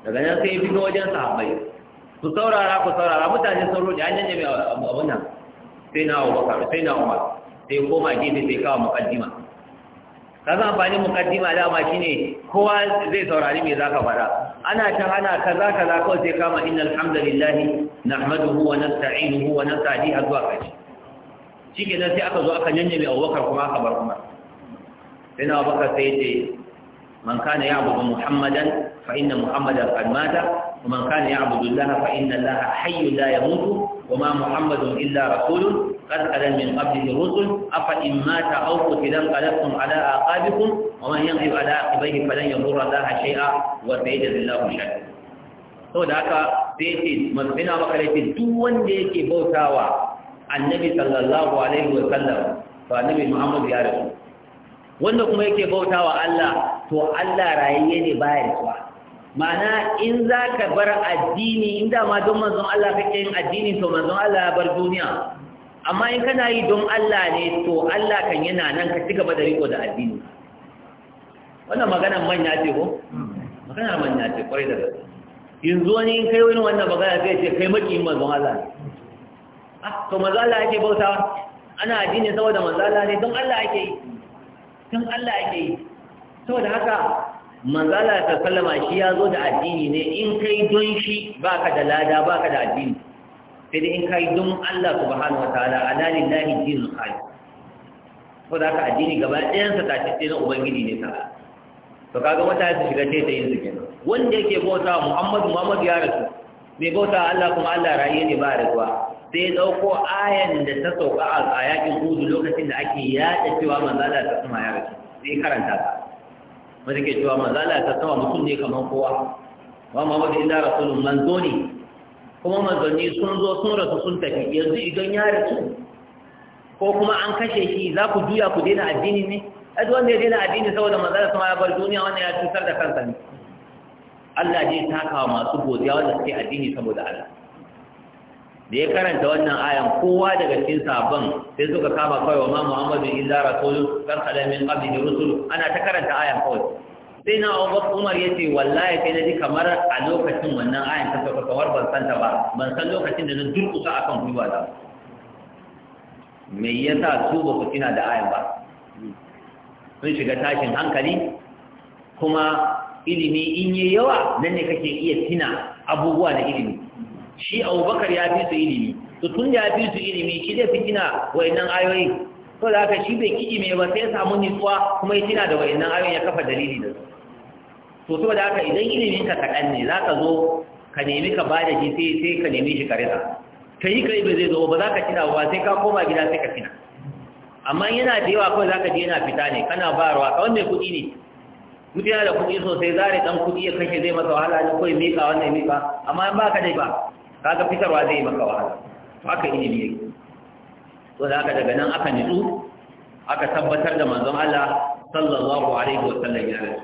A: daga nan sai ya fito wajen sahabbai ku saurara ku saurara mutane sun rudi an janye abun nan sai na Abu Bakar sai na Umar sai koma gefe sai kawo muqaddima kaza amfani muqaddima da ma shine kowa zai saurari me zaka fara ana ta ana za ka ko sai kama inna innal hamdalillahi nahmaduhu wa nasta'inuhu wa nasta'dihi azwa kashi shike nan sai aka zo aka janye Abu Bakar kuma aka bar kuma. sai na Abu Bakar sai ce man kana ya'budu muhammadan fa inna muhammadan qad ومن كان يعبد الله فإن الله حي لا يموت وما محمد إلا رسول قد خلت من قبله الرسل أفإن مات أو قتل انقلبتم على أعقابكم ومن ينقلب على عقبيه فلن يضر الله شيئا وسيجزي الله الشاكرين Sau da haka sai ce mazbina ce duk wanda yake bautawa annabi sallallahu alaihi wa sallam to annabi muhammad ya rasu wanda kuma yake bautawa Allah to Allah rayayye ne baya rasuwa ma'ana in za ka bar addini in dama don manzon Allah ka yin addini to manzon Allah ya bar duniya amma in kana yi don Allah ne to Allah kan yana nan ka ci gaba da riko da addini wannan maganar manya ce ko maganar manya ce kwarai da gaske yanzu wani in kai wani wannan magana zai ce kai yin manzon Allah ne ah to manzon Allah yake bautawa ana addini saboda manzon Allah ne don Allah yake yi don Allah yake yi saboda haka manzala ta sallama shi ya zo da addini ne in kai don shi ba ka da lada ba ka da addini sai dai in kai don Allah subhanahu ta'ala ala lahi dinul kai ko da ka addini gaba ɗayan sa sai na ubangiji ne ta to kaga wata ya shiga ce ta yin su kenan wanda yake bauta Muhammadu Muhammadu ya rasu mai bauta Allah kuma Allah rayi ne ba rasuwa sai dauko ayan da ta sauka a yakin hudu lokacin da ake yada cewa manzala ta kuma ya rasu sai karanta ta wanda ke cewa maza Allah ta sama mutum ne kamar kowa wa Muhammadu illa rasulun manzo ne kuma manzanni sun zo sun rasu sun tafi yanzu idan ya rasu ko kuma an kashe shi za ku juya ku daina addini ne duk wanda ya daina addini saboda manzo sama ya bar duniya wannan ya cutar da kansa ne Allah zai takawa masu godiya wanda suke addini saboda Allah da ya karanta wannan ayan kowa daga cikin sabon sai suka kama kawai wa ma muhammadu illa rasulun kar kada min qablihi rusul ana ta karanta ayan kawai sai na Abu Umar yace wallahi sai naji kamar a lokacin wannan ayan ta saka kawar ban san ta ba ban san lokacin da na durkusa akan gwiwa da me yasa su ba ku tuna da ayan ba sun shiga tashin hankali kuma ilimi in yi yawa nan ne kake iya tina abubuwa da ilimi shi abubakar ya fi su ilimi to tun da ya fi su ilimi shi zai fi gina wayannan ayoyi to da haka shi bai kiji mai ba sai ya samu nutsuwa kuma ya tina da wayannan ayoyi ya kafa dalili da su to saboda haka idan ilimin ka kaɗan ne za ka zo ka nemi ka bada shi sai sai ka nemi shi ka rasa ka yi kai ba zai zo ba za ka tina ba sai ka koma gida sai ka tina amma yana da yawa kawai za ka je yana fita ne kana ba ruwa ka wanne kuɗi ne mutum yana da kuɗi sosai zare ɗan kuɗi ya kashe zai masa wahala ne kawai miƙa wannan miƙa amma in ba ka dai ba kaga fitarwa zai maka wahala to aka yi ilimi yake to da aka daga nan aka nitsu aka tabbatar da manzon Allah sallallahu alaihi wa sallam ya rasu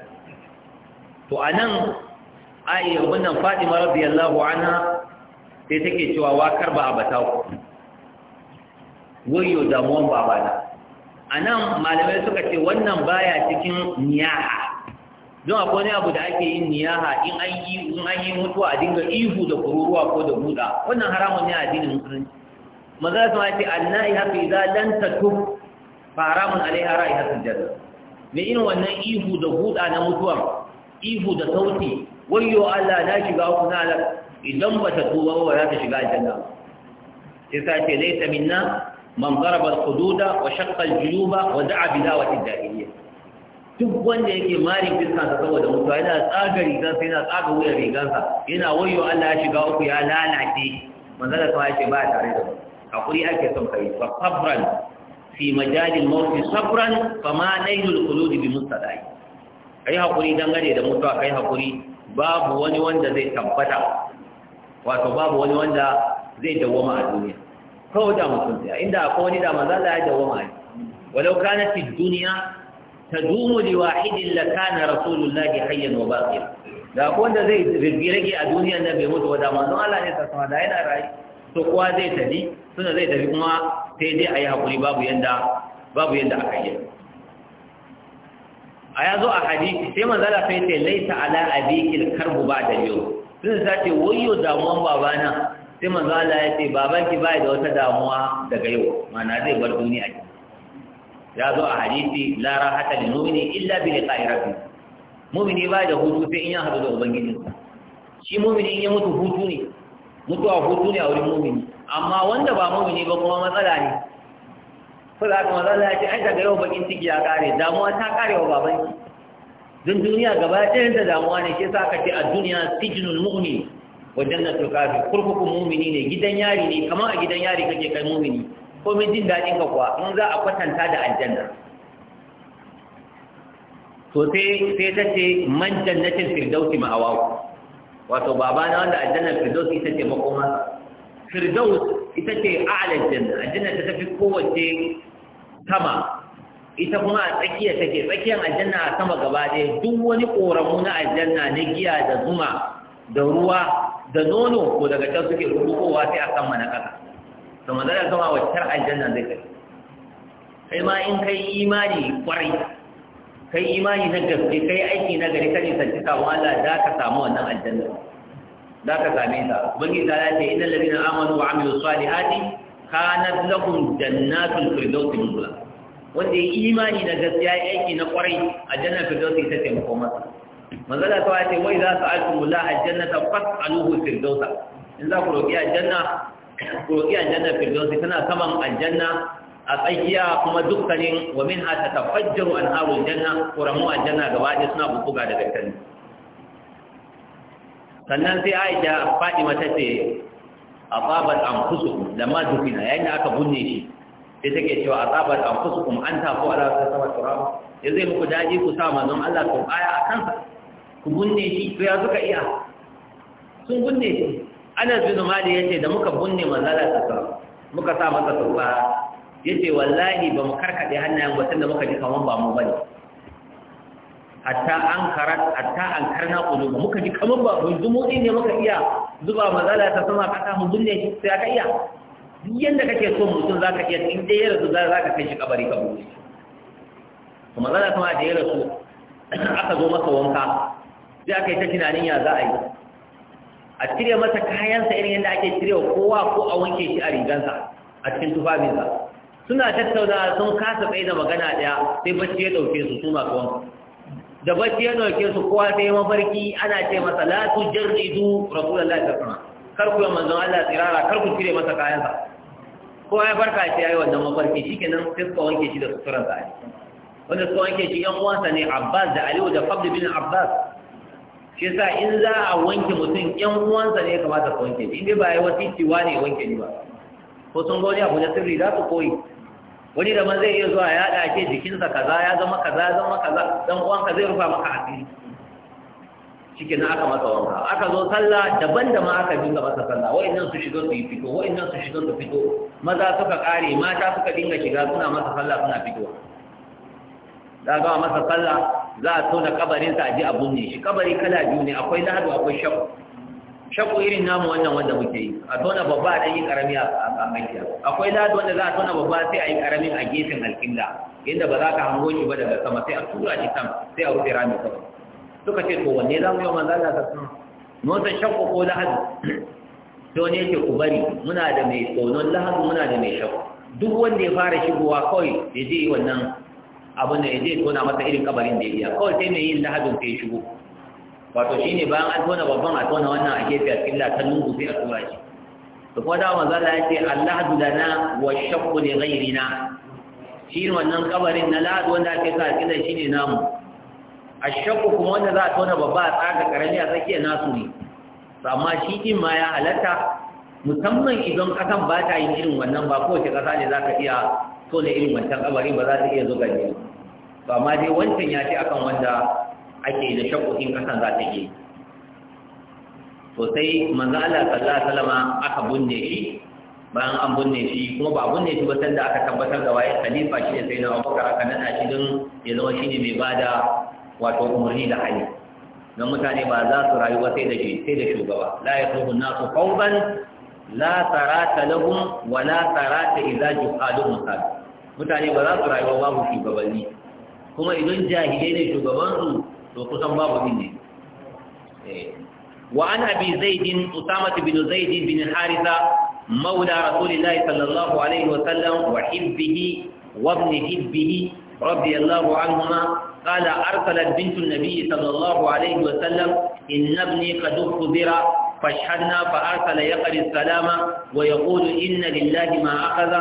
A: to anan ai wannan Fatima radiyallahu anha sai take cewa wa karba abata ku wayo damuwan babana anan malamai suka ce wannan baya cikin niyaha don akwai wani abu da ake yin niyaha in an yi in an yi mutuwa a dinga ihu da kururuwa ko da buɗa, wannan haramun ne a addinin musulunci maza su ma ce annai hafi idza lan tatub fa haramun alaiha ra'ihatul janna me irin wannan ihu da buɗa na mutuwa ihu da sauti wayyo Allah na shiga uku na Allah idan ba ta tuba ba za ta shiga aljanna sai ta ce laysa minna man daraba al-hududa wa shaqqa al-juyuba wa da'a bi da'wati al duk wanda yake mari fiskansa saboda mutuwa yana tsaga rigansa yana tsaga wuyan rigansa yana wayo Allah ya shiga uku ya lalace manzala ta yake ba tare da hakuri ake son kai fa sabran fi majalil mawt sabran fa ma nailul qulub bi mustadai kai hakuri dangane da mutuwa kai hakuri babu wani wanda zai tabbata wato babu wani wanda zai dawwama a duniya kawai da mutum inda akwai wani da manzala ya dawwama walau kanat ad duniya? tadumu li wahidin la kana rasulullahi hayyan wa baqiya da ko wanda zai rage a duniya nan bai mutu wanda manzon Allah ne sassa da yana rayi to kowa zai tafi suna zai tafi kuma sai dai ayi hakuri babu yanda babu yanda aka yi a ya zo a hadisi sai manzala sai ce laita ala abikil karbu ba da yau sun sace wayo damuwan babana sai manzala ya ce babanki bai da wata damuwa daga yau mana zai bar duniya ki ya zo a hadisi la rahata lil mu'mini illa bi liqa'i rabbi mu'mini ba da hutu sai in ya hadu da ubangiji shi mu'mini in ya mutu hutu ne mutuwa hutu ne a wurin mu'mini amma wanda ba mu'mini ba kuma matsala ne ko za ka matsala ya ce ai daga yau bakin ciki ya kare damuwa ta kare wa baban don duniya gaba ɗayan da damuwa ne ke sa ka ce a duniya sijinul mu'mini wa jannatul kafir kurkukun mu'mini ne gidan yari ne kamar a gidan yari kake kai mu'mini komai jin daɗin ka kuwa in za a kwatanta da aljanna to sai sai ta ce man jannatin firdausi ma'awawu wato babana wanda aljanna firdausi ita ce makoma firdaus ita ce a'la janna aljanna ta tafi kowace sama ita kuma a tsakiya take tsakiyar aljanna a sama gaba ɗaya duk wani ƙoramu na aljanna na giya da zuma da ruwa da nono ko daga can suke rubutowa sai a kan mana ƙasa da manzara sama wacce aljanna zai kai kai ma in kai imani kwarai kai imani na gaske kai aiki na gari kan sanci sabon Allah za ka samu wannan aljanna za ka same ta ubangi ta ya ce innal ladina amanu wa amilu salihati kanat lahum jannatul firdaus nuzula wanda ya imani na gaskiya ya aiki na kwarai aljanna firdaus ita ce makomar manzala ta ce wai za su alkumula aljannata fas'aluhu firdausa in za ku roƙi aljanna roƙi aljanna firdausi tana saman aljanna a tsakiya kuma dukkanin wa min ha ta tafajjaru an harul janna ƙoramu aljanna gaba ɗaya suna bukuga da kan sannan sai aisha faɗi ta ce a tsabar an kusu da ma dukina yayin da aka bunne shi sai take cewa a tsabar an kusu kuma an tafi ala ta sama turawa ya zai muku daji ku sa manzon Allah ko aya a kansa ku bunne shi to ya suka iya sun bunne shi anas bin mali yace da muka bunne manzala ta muka sa masa turba yace wallahi ba mu karkade hannayen watan da muka ji kaman ba mu bane hatta an karat hatta an karna quluba muka ji kaman ba mu zumudi ne muka iya zuba manzala ta sama kasa mu bunne shi sai aka iya yanda kake so mutum zaka iya in dai ya rasu zaka kai shi kabari ka buɗe kuma ta ma da ya rasu aka zo masa wanka sai aka yi ta tunanin ya za a yi a cire masa kayansa irin yadda ake cire kowa ko a wanke shi a rigansa a cikin tufafinsa suna tattauna sun kasa tsaye da magana ɗaya sai bacci ya ɗauke su su masu wanka da bacci ya ɗauke su kowa sai mafarki ana ce masa la tu jarridu rasulullahi sallallahu alaihi wasallam kar ku yi manzon Allah tsirara kar ku cire masa kayansa Ko ya farka shi yayi wannan mafarki shikenan sai su wanke shi da suturan sa wanda suka wanke shi yan uwansa ne Abbas da Aliyu da Fadl bin Abbas shi yasa in za a wanke mutum yan uwansa ne ya kamata ka wanke shi in ba ya wasi ciwa ne wanke ni ba ko sun ga abu na sirri za su koyi wani da zai iya zuwa ya haɗa jikinsa kaza ya zama kaza ya zama kaza dan uwanka zai rufa maka asiri cikin aka masa wanka aka zo sallah daban da ma aka dinga masa sallah wa'annan su shiga su yi fito wa'annan su shiga su fito maza suka kare mata suka dinga shiga suna masa sallah suna fitowa da ga masa sallah za a tona kabarinsa a ji a binne shi kabari kala biyu ne akwai lahadu akwai Shaku. Shaku irin namu wannan wanda muke yi a tona babba a ɗanyi ƙarami a makiya akwai lahadu wanda za a tona babba sai a yi ƙaramin a gefen alƙilla yadda ba za ka hango shi ba daga sama sai a tura shi sama sai a rufe rami sama suka ce to wanne za mu yi manzan da sassan nusan Shaku ko lahadu to ne ke ku bari muna da mai tsonon lahadu muna da mai shaku. duk wanda ya fara shigowa kawai ya je wannan abin da ya je tona masa irin kabarin da ya iya kawai sai mai yin lahadin sai shigo wato shine bayan an tona babban a tona wannan a gefe a cikin latan lungu sai a tura shi to kuma da maza Allah ya ce da na wa ne gairi na shi wannan kabarin na lahad wanda ake sa shi ne namu A shakku kuma wanda za a tona babba a tsaka karami a tsakiyar nasu ne amma shi din ma ya halatta musamman idan kasan ba ta yin irin wannan ba kowace kasa ne za ka iya tona irin wancan kabarin ba za ta iya zo gani ba to amma dai wancan ya ce akan wanda ake da shakkokin kasan za ta yi to sai manzo Allah sallallahu alaihi wasallam aka bunne shi bayan an bunne shi kuma ba bunne shi ba sanda aka tabbatar da waye khalifa shi ne sai na Bakar aka nada shi don ya zama shine mai bada wato umarni da hali Dan mutane ba za su rayu ba sai da shi sai da shugaba la yakunu nasu qawban la sarata lahum wa la sarata idza juhaluhum mutane ba za su rayu ba babu shugabanni kuma idan jahilai ne shugabansu to kusan babu din ne eh. wa an abi zaidin usama bin Zaidin bin haritha maula rasulillahi sallallahu alaihi wa sallam wa hibbihi wa ibn hibbihi radiyallahu anhuma قال أرسلت بنت النبي صلى الله عليه وسلم إن ابني قد اختبر فاشهدنا فأرسل يقري السلام ويقول إن لله ما أخذ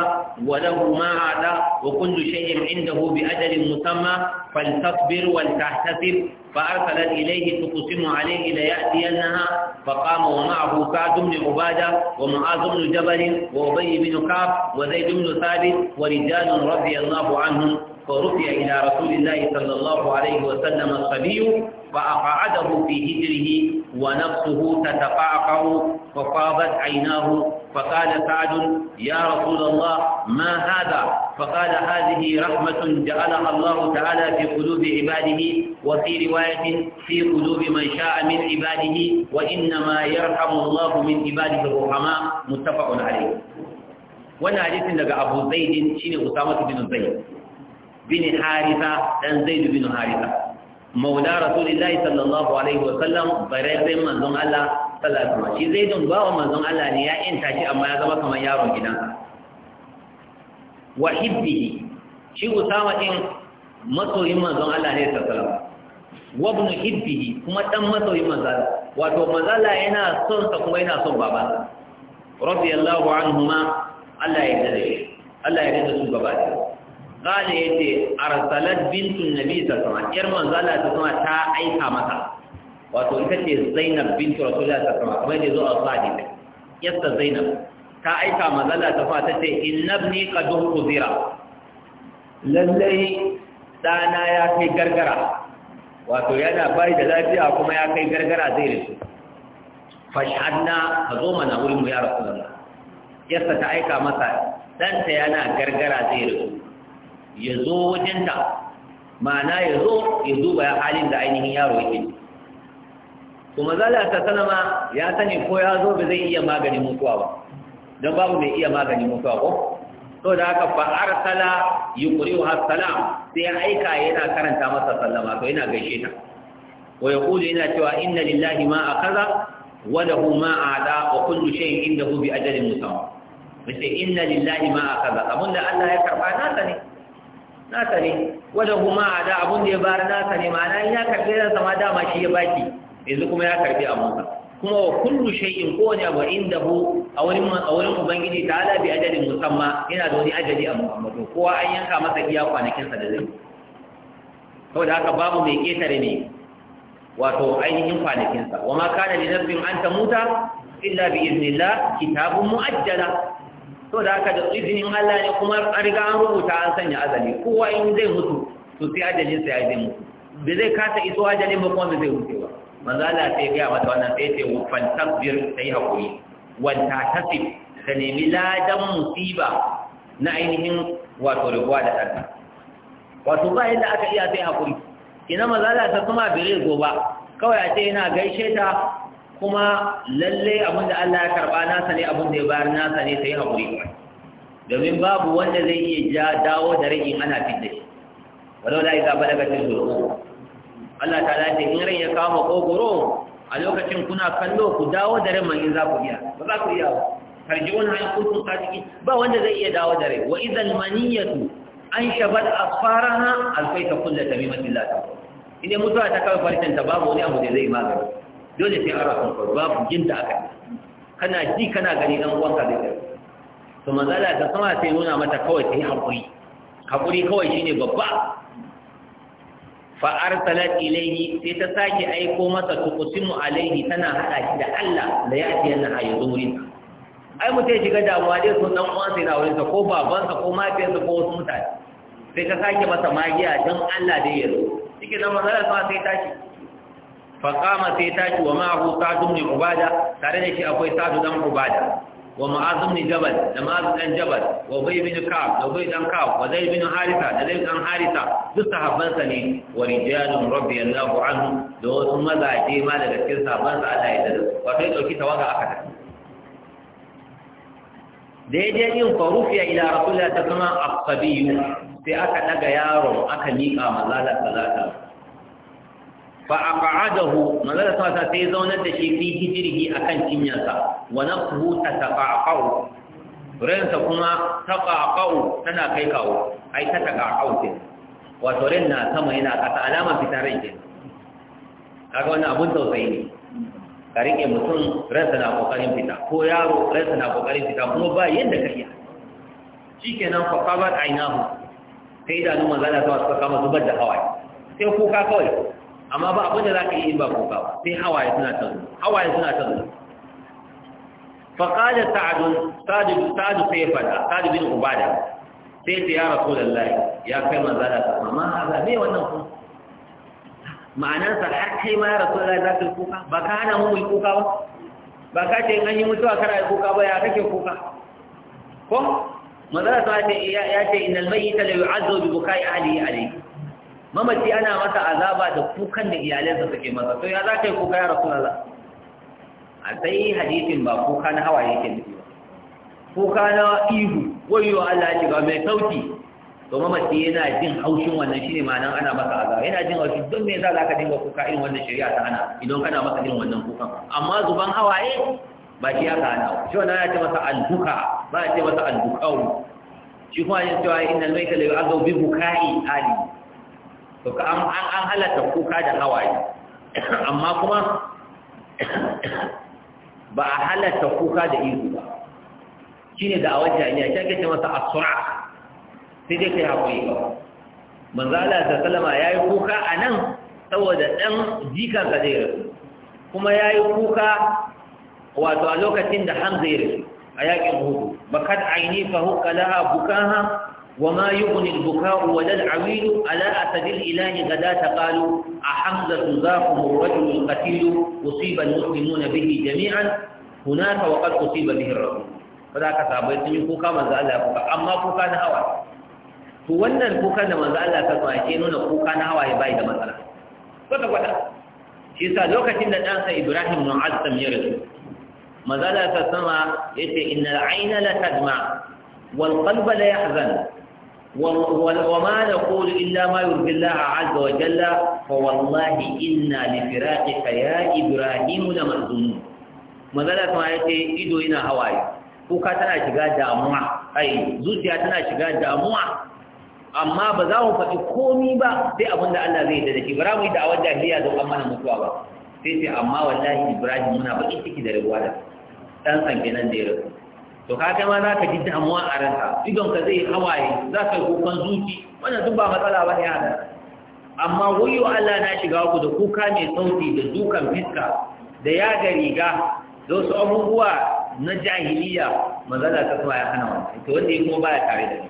A: وله ما أعطى وكل شيء عنده بأجل مسمى فلتصبر ولتحتسب فأرسلت إليه تقسم عليه ليأتينها فقام ومعه سعد بن عبادة ومعاذ بن جبل وأبي بن كعب وزيد بن ثابت ورجال رضي الله عنهم فرفع إلى رسول الله صلى الله عليه وسلم الصبي فأقعده في هجره ونفسه تتقعقع ففاضت عيناه فقال سعد يا رسول الله ما هذا فقال هذه رحمة جعلها الله تعالى في قلوب عباده وفي رواية في قلوب من شاء من عباده وإنما يرحم الله من عباده الرحماء متفق عليه وانا حديث لك أبو زيد شين أسامة بن زيد بن حارثة أن زيد بن حارثة مولى رسول الله صلى الله عليه وسلم بريد من الله sallallahu alaihi shi zaidun bawa manzon Allah ne ya inta shi amma ya zama kamar yaron gidansa wa hibbihi shi usama din masoyin manzon Allah ne sallallahu alaihi wasallam wa ibn hibbihi kuma dan masoyin manzon wato manzon yana son sa kuma yana son babansa radiyallahu anhuma Allah ya yarda shi Allah ya yarda su gaba ɗaya قال يتي أرسلت بنت النبي صلى الله عليه وسلم يرمى زالة تسمى تا أيها مثلا wato ita ce zainab bintu rasulullah ta kama kamar da zo a sadi yasta zainab ta aika mazalla ta fa ta ce innabni qad uzira lallai dana ya kai gargara wato yana bari da lafiya kuma ya kai gargara zai rasu fashhadna ka zo mana wurin mu ya rasulullah yasta ta aika masa danta yana gargara zai rasu ya zo wajen ta ma'ana ya zo ya duba halin da ainihin yaro yake to mazala ta sanama ya sani ko ya zo ba zai iya maganin mutuwa ba don babu mai iya maganin mutuwa ko to da haka yi arsala yuqri'u assalam sai aika yana karanta masa sallama to yana gaishe ta wa yaqulu yana cewa inna lillahi ma a kaza, wa hu ma a aada wa kullu shay'in indahu bi ajalin musamma mace inna lillahi ma a kaza". abun da Allah ya karba na sani na sani wa hu ma a aada abun da ya bar na sani ma'ana ya karbe zan sama dama shi ya baki yanzu kuma ya karbi Mota. kuma wa kullu shay'in kowane abu indahu a wurin a wani ubangiji ala bi ajalin musamma yana da wani ajali a muhammadu kowa an yanka masa iya kwanakin sa da zai saboda haka babu mai ketare ne wato ainihin kwanakin sa wa ma kana li nafsin an tamuta illa bi iznillah kitabun muajjala saboda haka da izinin Allah ne kuma an riga an rubuta an sanya azali kowa in zai mutu to sai ajalin sa ya zai mutu da zai kasa iso ajalin ba kuma zai mutu ba manzo ta yi gaya mata wannan sai ce ta yi hakuri wanta fi ta nemi ladan musiba na ainihin wato rubuwa da ɗanta wato ba yadda aka iya sai hakuri ina maza Allah ta kuma bire goba kawai a ce yana gaishe ta kuma lalle abin da Allah ya karɓa nasa ne abin da ya bayar nasa ne ta yi haƙuri domin babu wanda zai iya ja dawo da rai ana fidda shi wadda wadda ya zaɓa daga cikin zurfi Allah ta ce in ran ya kama kogoro a lokacin kuna kallo ku dawo da ran in za ku iya ba za ku iya ba tarjiun ha ta ciki ba wanda zai iya dawo da rai wa idhal maniyatu an shabat asfaraha alfaita kullu tamimatin la taqul idan mutuwa ta kawai farcen ta babu wani abu da zai magani dole sai ara rasu farko babu jinta akai kana ji kana gani dan uwanka zai tafi to manzala ta sama sai nuna mata kawai ta yi haƙuri haƙuri kawai shine babba fa arsalat ilayhi sai ta sake aiko masa tuqsimu alayhi tana hada shi da Allah da ya ji yana ayyuzurin ai mutai shiga damuwa dai so dan sai da wurin sa ko babansa ko sa ko wasu mutane sai ka sake masa magiya dan Allah dai ya zo cikin nan manzara sa sai tashi fa qama sai tashi wa ma'ahu sa'd ibn ubada tare da shi akwai sadu dan ubada wa ma'az ibn da ma'az dan jabal wa ubay ibn ka'ab da ubay dan ka'ab wa zaid ibn haritha da zaid dan haritha duk sahabban sa ne wa rijalun radiyallahu anhu da wasu mazaje ma daga cikin sahabban sa ya dada wato ya dauki tawaga aka tafi da ya je yin farufiya ila ta sai aka ɗaga yaron aka miƙa manzala sallallahu fa aqadahu manzala sa ta sai zaunar da shi fi hijirhi akan cinyarsa wa a tataqaqau ransa kuma taqaqau tana kai kawo ai ta taqaqau ce wato ran na sama yana kasa alama fitar rai ke kaga wannan abun tausayi ne ka rike mutum ransa na kokarin fita ko yaro ransa na kokarin fita kuma ba yadda ka iya shikenan fa qabat aynahu sai da numa zalla ta suka kama zubar da hawaye sai kuka kawai amma ba abin da za ka yi in ba kuka ba sai hawaye suna ta zuwa hawaye suna ta zuwa faƙaɗa sa'adu sa'adu sai ya faɗa sadu bin ubada sai ta ya rasu lallai ya kai manza da sama ma haza me wannan ku ma'anarsa har kai ma ya rasu lallai za ka kuka ba ka hana mu kuka ba ba ka ce in an yi mutuwa kara yi kuka ba ya kake kuka ko manza da sama ya ce inal mayyita la yu'azzu bi bukai ahlihi alayhi mamaci ana masa azaba da kukan da iyalinsa suke masa to ya za ka yi kuka ya rasu lalla a sai hadisin ba kuka na hawaye yake nufi ba kuka na ihu wayo Allah ya shiga mai sauti to mamaci yana jin haushin wannan shine ma'anar ana masa azaba yana jin haushi don me yasa za ka dinga kuka irin wannan shari'a ta ana idan kana masa irin wannan kukan amma zuban hawaye ba shi aka hana ba shi wannan ya ce masa albuka ba ya ce masa albukau shi kuma ya ce wa innal maita la yu'adhabu bi buka'i ali to ka an an halatta kuka da hawaye <coughs> amma kuma <coughs> ba a halatta kuka da ihu ba shine da awar ne a kake ce masa asura sai dai kai haƙuri ba manzo Allah da sallama yayi kuka a nan saboda dan jikansa zai rasu kuma yayi kuka wato a lokacin da Hamza ya rasu a yaƙin Uhud bakat aini fa hukala bukaha وما يغني البكاء ولا العويل الا اتد الاله غداه قالوا احمد ذاكم الرجل القتيل اصيب المسلمون به جميعا هناك وقد اصيب به الرجل فذاك سبب تني كوكا من الله كوكا اما كوكا نهوى تو wannan kuka da manzo Allah ta kawo yake nuna kuka na hawaye bai da matsala kwata kwata shi sa lokacin da dan Ibrahim bin Azam ya rasu manzo Allah ta sama yace innal ayna la tadma wal qalba la yahzan وما نقول إلا ما يرضي الله عز وجل فوالله إنا لفراقك يا إبراهيم لمحزونون manzala kuma ya ce ido yana hawaye kuka tana shiga damuwa ai zuciya tana shiga damuwa amma ba za mu faɗi komi ba sai abin Allah zai da shi ba mu yi da'awar jahiliya don an mana mutuwa ba sai sai amma wallahi Ibrahim muna baƙin ciki da rabuwa da ɗan nan da ya rasu to ka kai ma za ka ji damuwa a ranka idon ka zai hawaye za ka yi kukan zuci wannan duk ba matsala ba ne a amma wayo Allah na shiga ku da kuka mai sauti da dukan fiska da yaga riga da wasu abubuwa na jahiliya mazala ta kuma ya hana wannan to wanda ya kuma baya tare da ni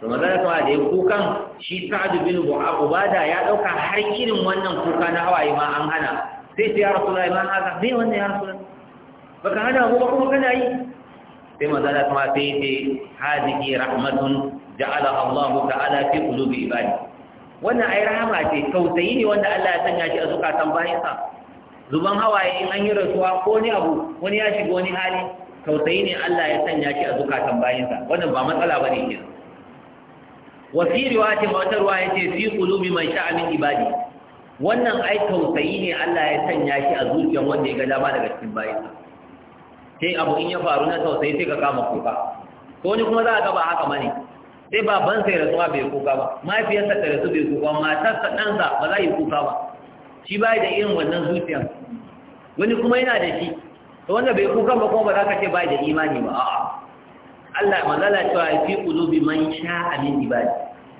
A: to mazala ta da ya kukan shi Sa'ad bin Ubada ya ɗauka har irin wannan kuka na hawaye ma an hana sai sai ya Rasulullahi ma an haka ne wannan ya Rasulullahi baka hana mu ba kuma kana yi sai manzala kuma sai ya ce hadihi rahmatun ja'ala Allah ta'ala fi qulubi ibadi wannan ai rahama ce tausayi ne wanda Allah ya sanya shi a zukatan bayansa zuban hawaye in an yi rasuwa ko ni abu wani ya shiga wani hali tausayi ne Allah ya sanya shi a zukatan bayansa wannan ba matsala bane ke wa fi riwayatin wata ruwa yace fi qulubi man sha'a min ibadi wannan ai tausayi ne Allah ya sanya shi a zuciyan wanda ya ga dama daga cikin bayansa sai abu in ya faru na tausayi sai ka kama kuka ko ni kuma za a gaba haka mani sai baban sai rasuwa bai kuka ba mafiyarsa ta rasu bai kuka ba matarsa ɗansa ba za yi kuka ba shi ba da irin wannan zuciyar wani kuma yana da shi to wanda bai kuka ba kuma ba za ka ce ba da imani ba a'a Allah magana cewa fi qulubi man sha Amin ibadi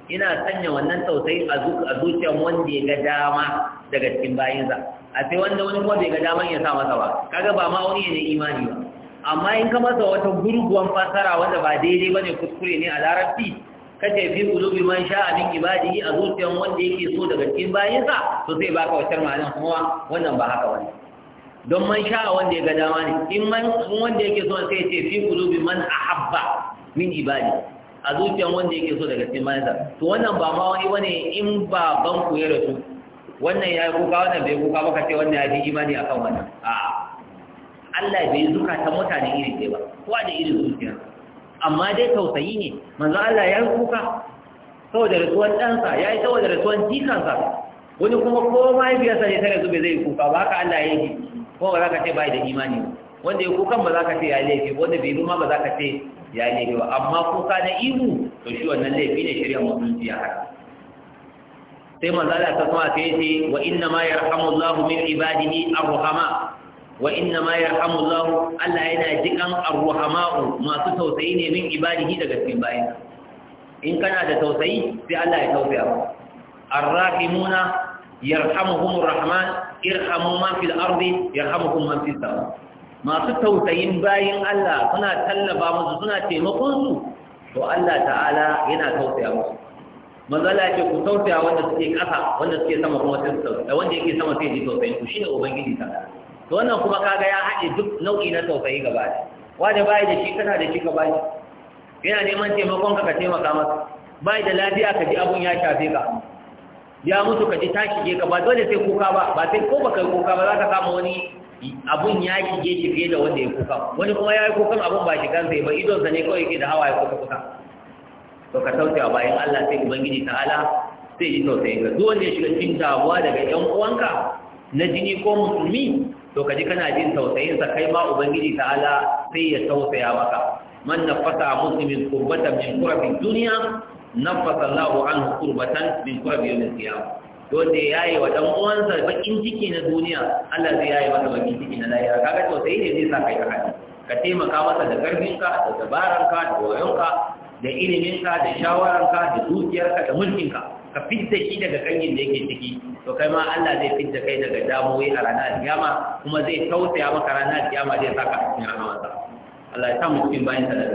A: ina sanya wannan tausayi a zuciyar wanda ya ga dama daga cikin bayinsa a sai wanda wani kuma bai ga daman ya sa masa ba kaga ba ma wani ne imani ba amma in ka masa wata gurguwan fasara wanda ba daidai bane kuskure ne a larabci kace bi ulubi man sha'a min ibadi a zuciyan wanda yake so daga cikin bayinsa to sai baka wata ma'anar kuma wannan ba haka wani don man sha'a wanda ya ga dama ne in man wanda yake so sai ce fi ulubi man ahabba min ibadi a zuciyan wanda yake so daga cikin bayinsa to wannan ba ma wani bane in baban ku ya rasu wannan ya yi kuka wannan bai kuka ba kace wannan ya fi imani akan wannan a'a Allah bai zukatan mutane iri ɗaya ba kowa da irin zuciya amma dai tausayi ne manzo Allah ya yi kuka saboda rasuwan ɗansa ya yi saboda rasuwan jikansa wani kuma ko sa, ne ta rasu bai zai kuka ba haka Allah ya yi kuma ba za ka ce bai da imani ba wanda ya kukan ba za ka ce ya laifi wanda bai ma ba za ka ce ya laifi ba amma kuka na ihu to shi wannan laifi ne shirya mutunci ya haka sai manzala ta kuma ta yace wa inna ma yarhamu Allahu min ibadihi arhama wa inna ma yarhamu Allah Allah yana jikan arruhama'u masu tausayi ne min ibadihi daga cikin bayan in kana da tausayi sai Allah ya tausaya maka arrahimuna yarhamuhumur rahman irhamu ma fil ardi yarhamukum man fis sama masu tausayin bayin Allah suna tallafa musu suna taimakon su to Allah ta'ala yana tausaya musu manzala ce ku tausaya wanda suke kasa wanda suke sama kuma sai su tausaya wanda yake sama sai ji tausayin ku shine ubangiji ta'ala to wannan kuma kaga ya haɗe duk nau'i na tausayi gaba da wanda bai da shi kana da shi ka bai yana neman taimakon ka ka taimaka masa bai da lafiya ka ji abun ya shafe ka ya mutu ka ji ta shige ka ba dole sai kuka ba ba sai ko baka kuka ba za ka kama wani abun ya shige shi fiye da wanda ya kuka wani kuma ya yi kukan abun ba shi kansa ba idon sa ne kawai ke da hawaye kuka kuka to ka tausaya bayan Allah sai ubangiji ta'ala sai yi tausayin ka duk wanda ya shiga cikin damuwa daga ƴan uwanka na jini ko musulmi to kaji kana jin tausayin sa kai ma ubangiji ta'ala sai ya tausaya maka man nafasa muslimin kurbatan min qurbi duniya nafasa Allahu anhu qurbatan min kurabi yawmin qiyam to da yayi wa dan uwansa bakin ciki na duniya Allah zai yayi masa bakin ciki na lahira kaga tausayi ne zai sa kai ka ka taimaka masa da karfinka da dabararka da wayonka, da iliminka da shawararka da dukiyarka da mulkinka ka fidda shi daga kanyin da yake ciki to kai ma Allah zai fidda kai daga damuwoyi a ranar kiyama kuma zai tausaya maka ranar kiyama zai saka cikin rahamarsa Allah ya sa mu bayan sa da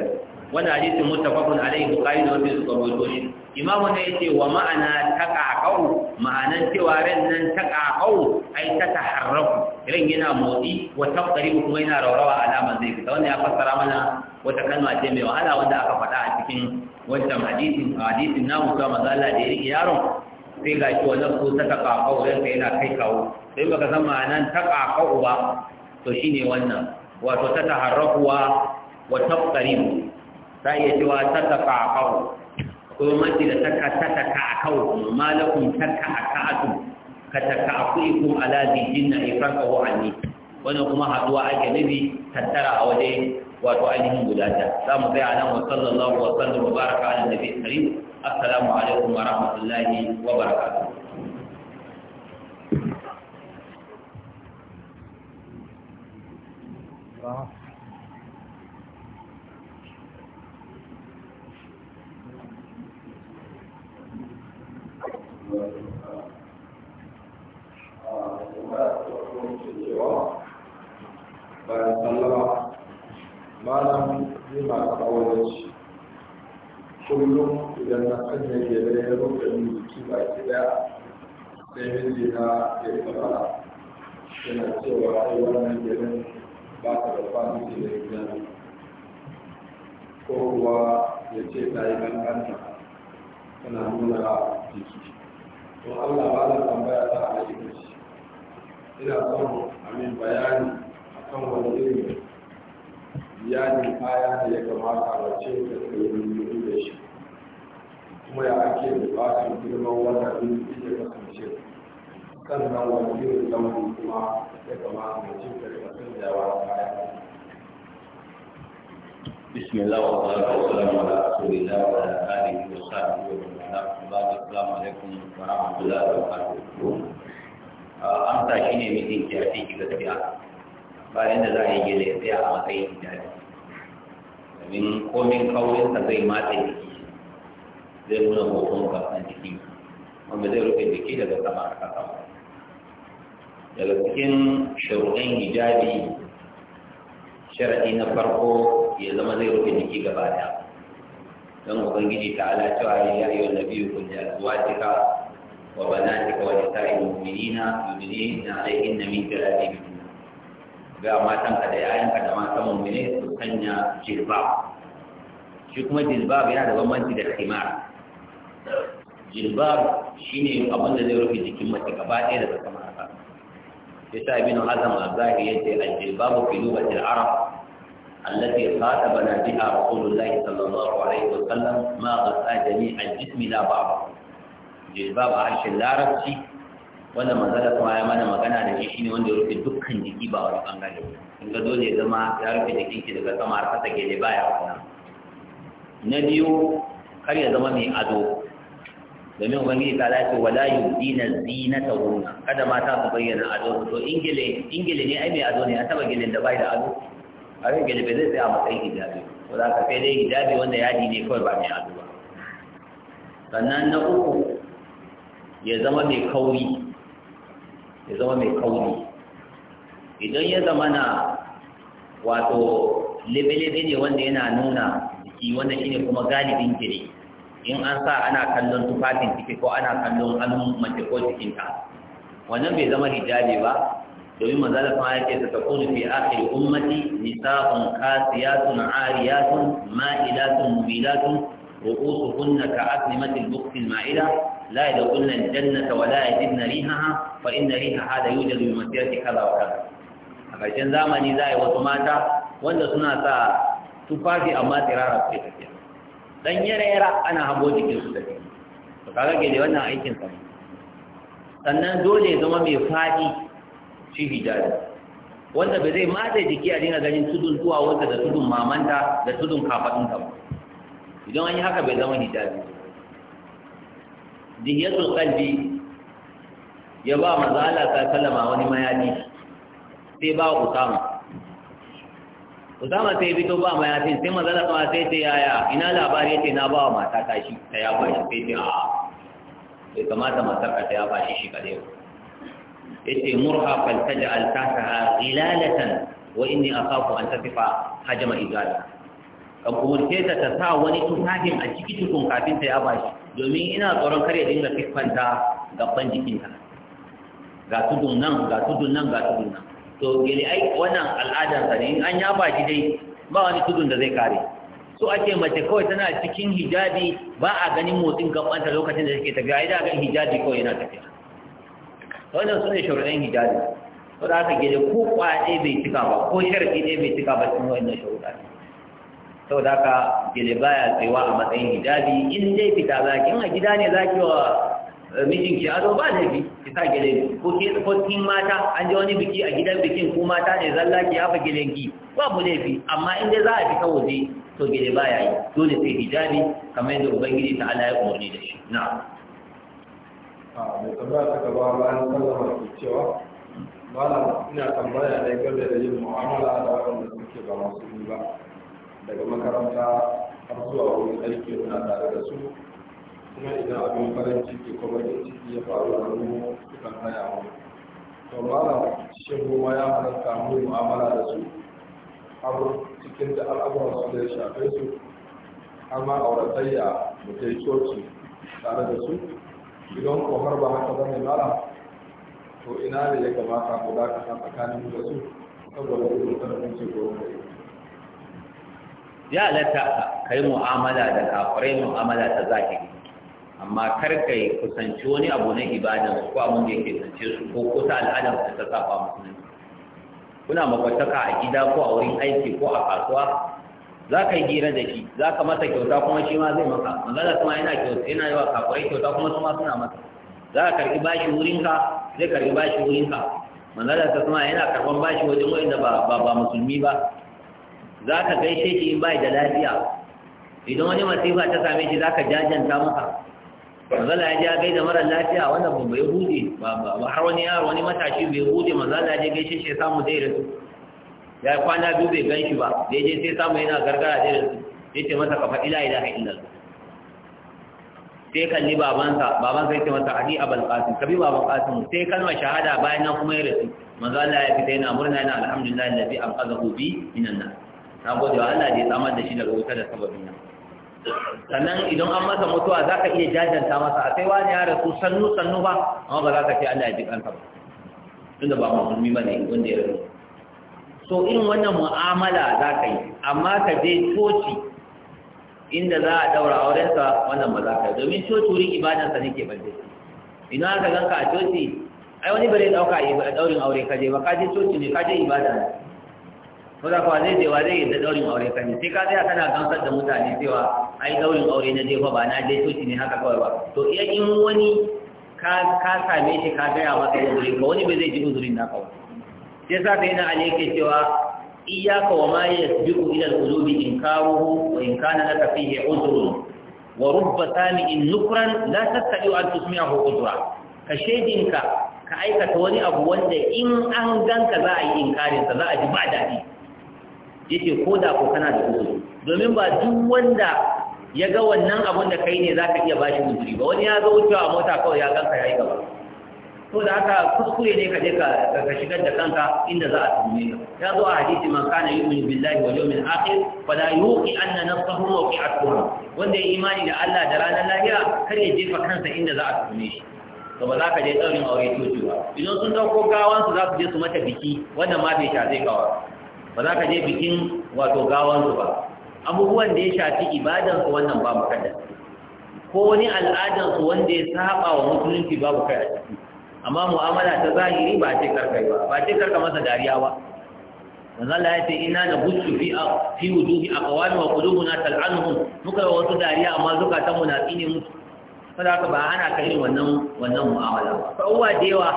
A: wannan hadisin muttafaqun alaihi bukhari da muslim suka rawaito shi imamu ne yace wa ma'ana taqaqau ma'anan cewa ran nan taqaqau ai ta taharraku ran yana motsi wa taqribu kuma yana raurawa alaman zai fita wannan ya fassara mana wata kalma ce mai wahala wanda aka faɗa a cikin wancan hadisin hadisin namu ta mazala da yake yaron sai ga shi wannan ko ta taqaqau ran yana kai kawo sai baka san ma'anan taqaqau ba to shine wannan wato ta taharraku wa wa taqribu ta iya cewa ta tafa a kawo ko mace da taka ta taka a kawo malakun taka a ka'atu ka taka a kuɗi ku'ikun ala bijin a ifar kawo a ne wannan kuma haɗuwa ake nufi tattara a waje wato ainihin guda ta za mu bai a nan wa sallallahu wa sallam wa baraka ala nabi karim assalamu alaikum wa rahmatullahi wa barakatuh
B: Wow. bayan sallama malam yi a kawai shi kullum idan na sanya gebe ya rufe ni jiki ba ki daya sai miji na ya fara yana cewa ai wannan geben ba ta da fami da gidan ko kuwa ya ce ta yi kankanta tana nuna jiki to allah ba da tambaya ta a yi ina son amin bayani akan wani irin biyanin kaya da ya kamata mace da ta yi da shi kuma ya ake bukatar girman wata biyu ya kasance sannan wani irin launi kuma ya kamata mace da ta sanyawa kaya
A: بسم الله والصلاة والسلام على رسول الله وعلى آله وصحبه ومن السلام عليكم ورحمة الله وبركاته amsa shi ne mai zai ya ce ki gaskiya bayan da za a yi gina ya tsaya a matsayin hijabi domin komin kaurinsa zai matsa jiki zai nuna hoton kasan jiki wanda zai rufe jiki daga sama a kasa daga cikin sharuɗin hijabi sharaɗi na farko ya zama zai rufe jiki gaba ɗaya don ubangiji ta ala cewa ya yi wa nabi kun da zuwa jika وبناتك ونساء المؤمنين يدنين عليهن من جلابيبهن ga matanka da yayanka da matan mummune su sanya jilbab shi kuma jilbab yana da bambanci da khimar jilbab shine abin da zai rufe jikin mace gaba ɗaya daga sama haka yasa ibn hazm al yace al-jilbab fi lughati al-arab التي خاطبنا بها رسول الله صلى الله عليه وسلم ما غطى جميع الجسم لا بعضه jilbab a harshen larabci wanda manzala kuma ya mana magana da shi shine wanda ya rufe dukkan jiki ba wani bangare in ga dole ya zama ya rufe jikin ki daga sama har kasa gele baya wannan na biyu kar ya zama mai ado domin ubangiji ta lafi wala yubdina zinatahunna kada mata su bayyana ado to ingile ingile ne ai mai ado ne a taba gilin da bai da ado a rai gele bai zai tsaya a matsayin hijabi Ko za ka kai dai hijabi wanda yadi ne kawai ba mai ado ba sannan na uku ya zama mai kauri ya zama mai kauri idan ya zama na wato lebe-lebe ne wanda yana nuna jiki wanda shine kuma galibin gire in an sa ana kallon tufafin ciki ko ana kallon hannun mace ko cikinta wannan bai zama hijabi ba domin mazalar kuma yake ta kunu fi akhir ummati nisa'un qasiyatun ariyatun ma'ilatun mubilatun ru'usuhunna ka'asnimatil buqtil ma'ila لا يدخلن الجنة ولا يجدن ريحها فإن ريحها لا يوجد بمسيرة كذا وكذا a ƙarshen zamani za a yi wasu mata wanda suna sa tufafi amma tsirara su tafiya dan yara-yara ana habo jikin su da to ke da wannan aikin sannan dole ya zama mai faɗi shi hijabi wanda ba zai matsa jiki a dinga ganin tudun zuwa wanda da tudun mamanta da tudun kafaɗin ba idan an yi haka bai zama hijabi ba diyatul qalbi ya ba manzo Allah ta sallama wani mayafi sai ba Usama Usama sai fito ba mayafin sai manzo Allah kuma sai ce yaya ina labari yace na ba wa mata ta shi ta ya ba shi sai ce a bai kamata matar ka ta ya ba shi shi kadai yace murha fal taj'al tahtaha ghilalatan wa inni akhafu an tasifa hajama izala kan umurce ta ta sa wani tufafin a cikin tukun kafin ta ya ba shi domin ina tsoron kar ya dinga fifanta gaban jikinta. ga tudun nan ga tudun nan ga tudun nan to gele ai wannan sa ne in an yaba shi dai ba wani tudun da zai kare so ake mace kawai tana cikin hijabi ba a ganin motsin gabanta lokacin da take tafiya idan ga hijabi kawai yana tafiya wannan sune shuruɗin hijabi to da aka gele ko kwaɗe bai cika ba ko sharadi ne bai cika ba cikin wannan shuruɗa saboda ka gele baya tsewa a matsayin gidaji in dai fita za in ina gida ne za ki wa eh, mijin ki ado ba laifi ki sa gele ko ke ko kin mata an je wani biki a gidan bikin ko mata ne zalla ki yafa gelen ki mu laifi amma in dai za a fita waje to gele baya yi dole sai hijabi kamar yadda ubangiji ta Allah ya umarni da shi na'am a ah, mai
B: tambaya ta ba bayan sallama ke cewa malam ina tambaya ne game da yin mu'amala da waɗanda suke ba masu ba daga makaranta har zuwa wurin aiki na tare da su kuma idan abin farin ciki ko bakin ciki ya faru da mu sukan haya mu to mala shin goma ya halatta mu mu'amala da su abu cikin da al'abuwa su da ya shafe su ma auratayya mu kai coci tare da su idan ko har ba haka bane mala to ina ne ya kamata ku dakata tsakanin da su saboda
A: gudun karfin ce gobe ya halatta ka yi mu'amala da kafirai mu'amala ta zahiri amma kar ka yi kusanci wani abu na ibada ko abin da yake zance su ko kusa al'adar da ta saba musulunci kuna makwataka a gida ko a wurin aiki ko a kasuwa za ka yi gira da shi za ka masa kyauta kuma shi ma zai maka magana kuma yana kyauta yana yawa kafirai kyauta kuma su ma suna masa za ka karɓi bashi wurinka zai karɓi bashi wurinka manzala ta suna yana karɓan bashi wajen wa'inda ba ba musulmi ba za ka gaishe shi in bai da lafiya idan wani masifa ta same shi za ka jajanta maka mazala ya je ya gaida mara lafiya wanda ba bai hude ba har wani yaro wani matashi bai hude mazala ya je gaishe shi ya samu dai rasu ya kwana biyu bai gan shi ba da ya je sai samu yana gargara dai rasu sai ce masa ka faɗi la ilaha illallah sai kalli babansa babansa ya ce masa ali abal qasim kabi baban qasim sai kalma shahada bayan nan kuma ya rasu manzo ya fita yana murna yana alhamdulillah allazi anqadhahu bi minan nar na gode wa Allah da ya samar da shi daga wuta da sababin nan sannan idan an masa mutuwa za ka iya jajanta masa a kai wani ya rasu sannu sannu ba amma ba za ka ce Allah ya ji kansa ba tunda ba musulmi ba ne wanda ya rasu so irin wannan mu'amala za ka yi amma ka je coci inda za a daura aurensa wannan ba za ka yi domin coci wurin ibadansa ne ke bande ina aka ganka a coci ai wani bare dauka a daurin aure ka je ba ka je coci ne ka je ibada ne ko da kuwa zai zewa zai yadda daurin aure ka sai ka tsaya kana gamsar da mutane cewa ai daurin aure na jefa ba na je coci ne haka kawai ba to iya in wani ka same shi ka gaya masa uzurin ka wani bai zai ji uzurin na kawai sai sa ka yana ali yake cewa iyaka wa ma yasbiqu ila al-qulubi inkaruhu wa in kana laka fihi uzrun wa rubba sami'in nukran la tastati'u an tusmi'ahu uzra ka shedinka ka aikata wani abu wanda in an ganka za a yi inkarinsa za a ji ba daɗi yake ko da ko kana da uzuri domin ba duk wanda ya ga wannan abun da kai ne za ka iya bashi uzuri ba wani ya zo wucewa a mota kawai ya ganka ya yi gaba to da haka kuskure ne ka je ka shigar da kanka inda za a tuhume ka ya zo a hadisi man kana yu'minu billahi wal yawmil akhir fala yuqi anna nafsahu waqi'atuha wanda ya imani da Allah da ranar lahira kar ya jefa kansa inda za a tuhume shi to ba za ka je tsaurin aure coci ba idan sun dauko gawansu zasu za su je su mata biki wanda ma bai sha zai kawar ba za ka je bikin wato gawansu ba abubuwan da ya shafi ibadansu wannan babu kada ko wani al'adansu wanda ya saba wa musulunci babu kai a ciki amma mu'amala ta zahiri ba ce karkai ba ba ce karka masa dariya ba manzo Allah ya ce inna la bushu fi fi wujuhi aqwami wa qulubuna tal'anuhum muka wa wasu dariya amma zukatan mu na tsine musu saboda haka ba ana kai wannan wannan mu'amala ba ko da yawa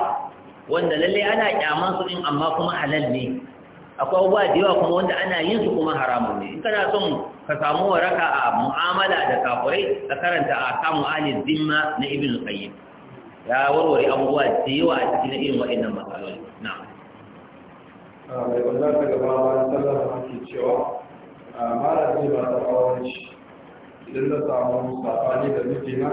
A: wanda lalle ana kyaman su din amma kuma halal ne akwai abubuwa da yawa kuma wanda ana yin su kuma haramun ne in kana son ka samu waraka a mu'amala da kafurai ka karanta a samu alin zimma na ibn qayyim ya warware abubuwa da yawa a cikin irin waɗannan matsaloli na
B: ah, mai wanda ta gaba bayan sallar da ake cewa a ah, mara ji ba ta kawanci idan na samu safani da mijina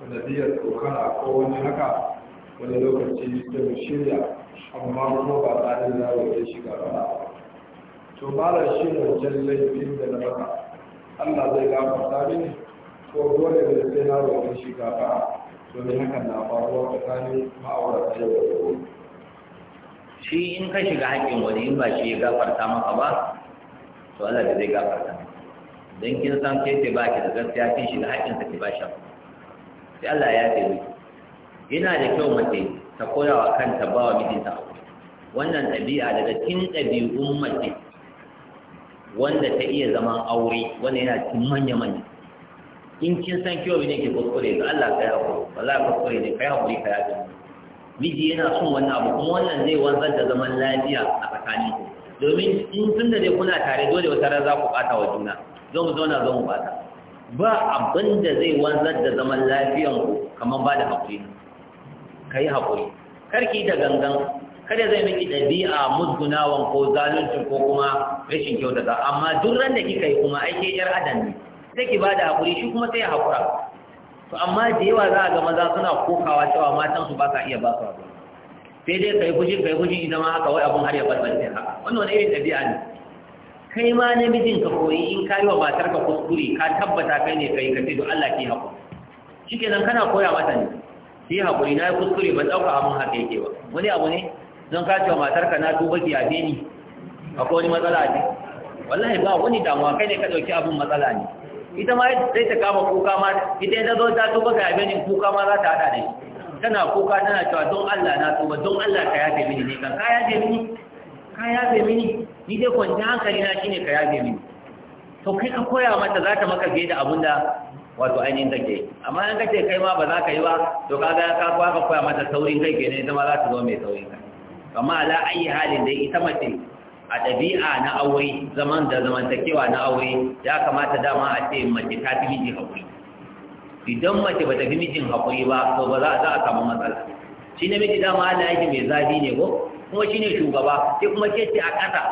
B: sanadiyar tsokana ko wani haka wani lokaci da mu shirya amma kuma ba tsarin na shi shiga ba to da shi ne wajen laifin da na baka allah zai gafarta ne ko dole ne sai na shi shiga ba domin hakan na faruwa tsakanin
A: ma'aurata yau da gobe shi in ka shiga haƙƙin wani in ba shi ya gafarta maka ba to allah da zai gafarta don kin san ke ce ba ki da gaskiya kin shiga haƙƙinsa ki ba shi sai allah ya ce yana da kyau mace ta koya wa kanta ba wa mijinta wannan ɗabi'a daga cikin ɗabi'un mace wanda ta iya zaman aure wanda yana cikin manya-manya in kin san kiwo ne ke kuskure ga Allah kai hakuri wallahi kuskure ne kai hakuri kai hakuri miji yana son wannan abu kuma wannan zai wanzar da zaman lafiya a tsakanin ku domin in tun da dai kuna tare dole wata ran za ku ɓata wa juna zo mu zauna zo mu ɓata ba abin da zai wanzar da zaman lafiyan ku kamar ba da hakuri ka yi haƙuri karki da gangan kada zai miki ɗabi'a musgunawan ko zalunci ko kuma rashin kyau daga amma duk ran da kika yi kuma aike yar adam ne sai ki bada haƙuri shi kuma sai ya haƙura to amma da yawa za a ga maza suna kokawa cewa matan su ba sa iya ba su haƙuri sai dai kai fushi kai fushi idan ma haka wai abun har ya balbalce haka wannan wani irin ɗabi'a ne kai ma namijin ka koyi in ka yi wa matar ka kuskure ka tabbata kai ne kai ka ce don Allah ke haƙuri shikenan kana koya mata ne shi haƙuri na yi kuskure ban ɗauka abin haka yake ba wani abu ne don ka cewa wa matarka na tuba ki yafe ni akwai wani matsala ne wallahi ba wani damuwa kai ne ka ɗauki abin matsala ne ita ma sai ta kama kuka ma ita ta zo ta tuba ka yafe ni kuka ma za ta haɗa da shi tana kuka tana cewa don Allah na tuba don Allah ka yafe mini ne kan ka yafe mini ka yafe mini ni dai kwanci hankali na shine ka yafe mini to kai ka koya mata za ta maka fiye da abin da wato ainihin take amma in kace kai ma ba za ka yi ba to kaga ka kwa ka koya mata saurin kai kenan ita ma za ta zo mai saurin kai amma ala ayi halin da ita mace a ɗabi'a na aure zaman da zamantakewa na aure ya kamata dama a ce mace ta fi miji haƙuri idan mace ba ta fi mijin haƙuri ba to ba za a samu matsala shi ne miji dama ana yake mai zafi ne ko kuma shi ne shugaba sai kuma ke ce a ƙasa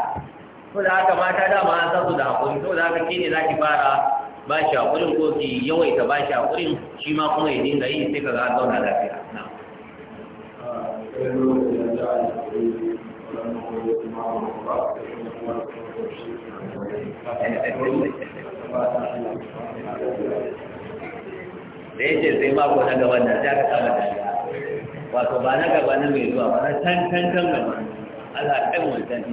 A: ko da haka mata dama an san su da haƙuri ko da haka ke ne za ki fara ba shi haƙurin ko ki yawaita ba shi haƙurin shi ma kuma ya dinga yi sai ka ga zauna lafiya da yake sai ko na gaban nan za ka kama da wato ba na gaba na mai zuwa ba na can can can gaba Allah kan wancan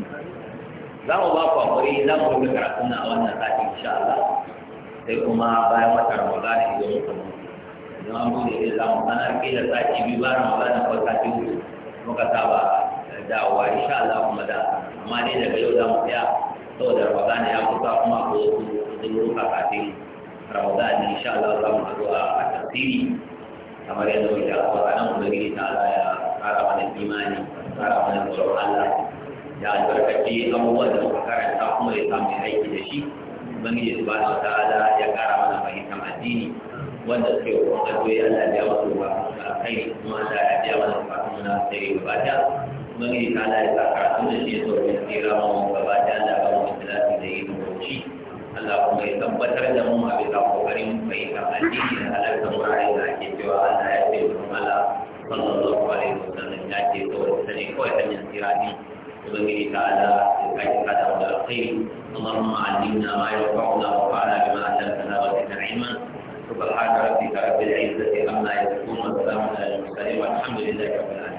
A: za mu ba ku hakuri za mu rubuta karatun a wannan sati insha Allah sai kuma bayan wata ramadana idan muka mutu idan an bude irin zamu sanar kila sati biyu ba ramadana ko sati uku muka saba dawowa insha ala kuma da amma da daga yau zamu da saboda ramadana ya kusa kuma ko zuruka kafin ramadana insha Allah zamu haɗu a tafsiri kamar yadda muke a kwanan ubangiji ta Allah ya kara mana imani kara mana tsoron Allah ya albarkaci abubuwan da muka karanta kuma ya samu aiki da shi ubangiji su ba su ta'ala ya kara mana fahimtar addini wanda suke wa addu'a ya Allah ya wasu ba kai kuma Allah ya biya mana fatan muna sai gaba ta ubangiji ta'ala ya sa karatu da shi so ya tsira mu gaba ta Allah ba mu da lafi da yin bauchi Allah kuma ya tabbatar da mu a bisa kokarin fahimtar addini da halarta murare da ake cewa Allah ya ce wa Allah sallallahu alaihi wasallam ya ce to sani kawai hanyar tsira din وبنجي تعالى لكي هذا هو الخير اللهم علمنا ما ينفعنا وانفعنا بما علمتنا وزدنا علما سبحان ربك رب العزه عما يصفون والسلام على المرسلين والحمد لله
B: رب العالمين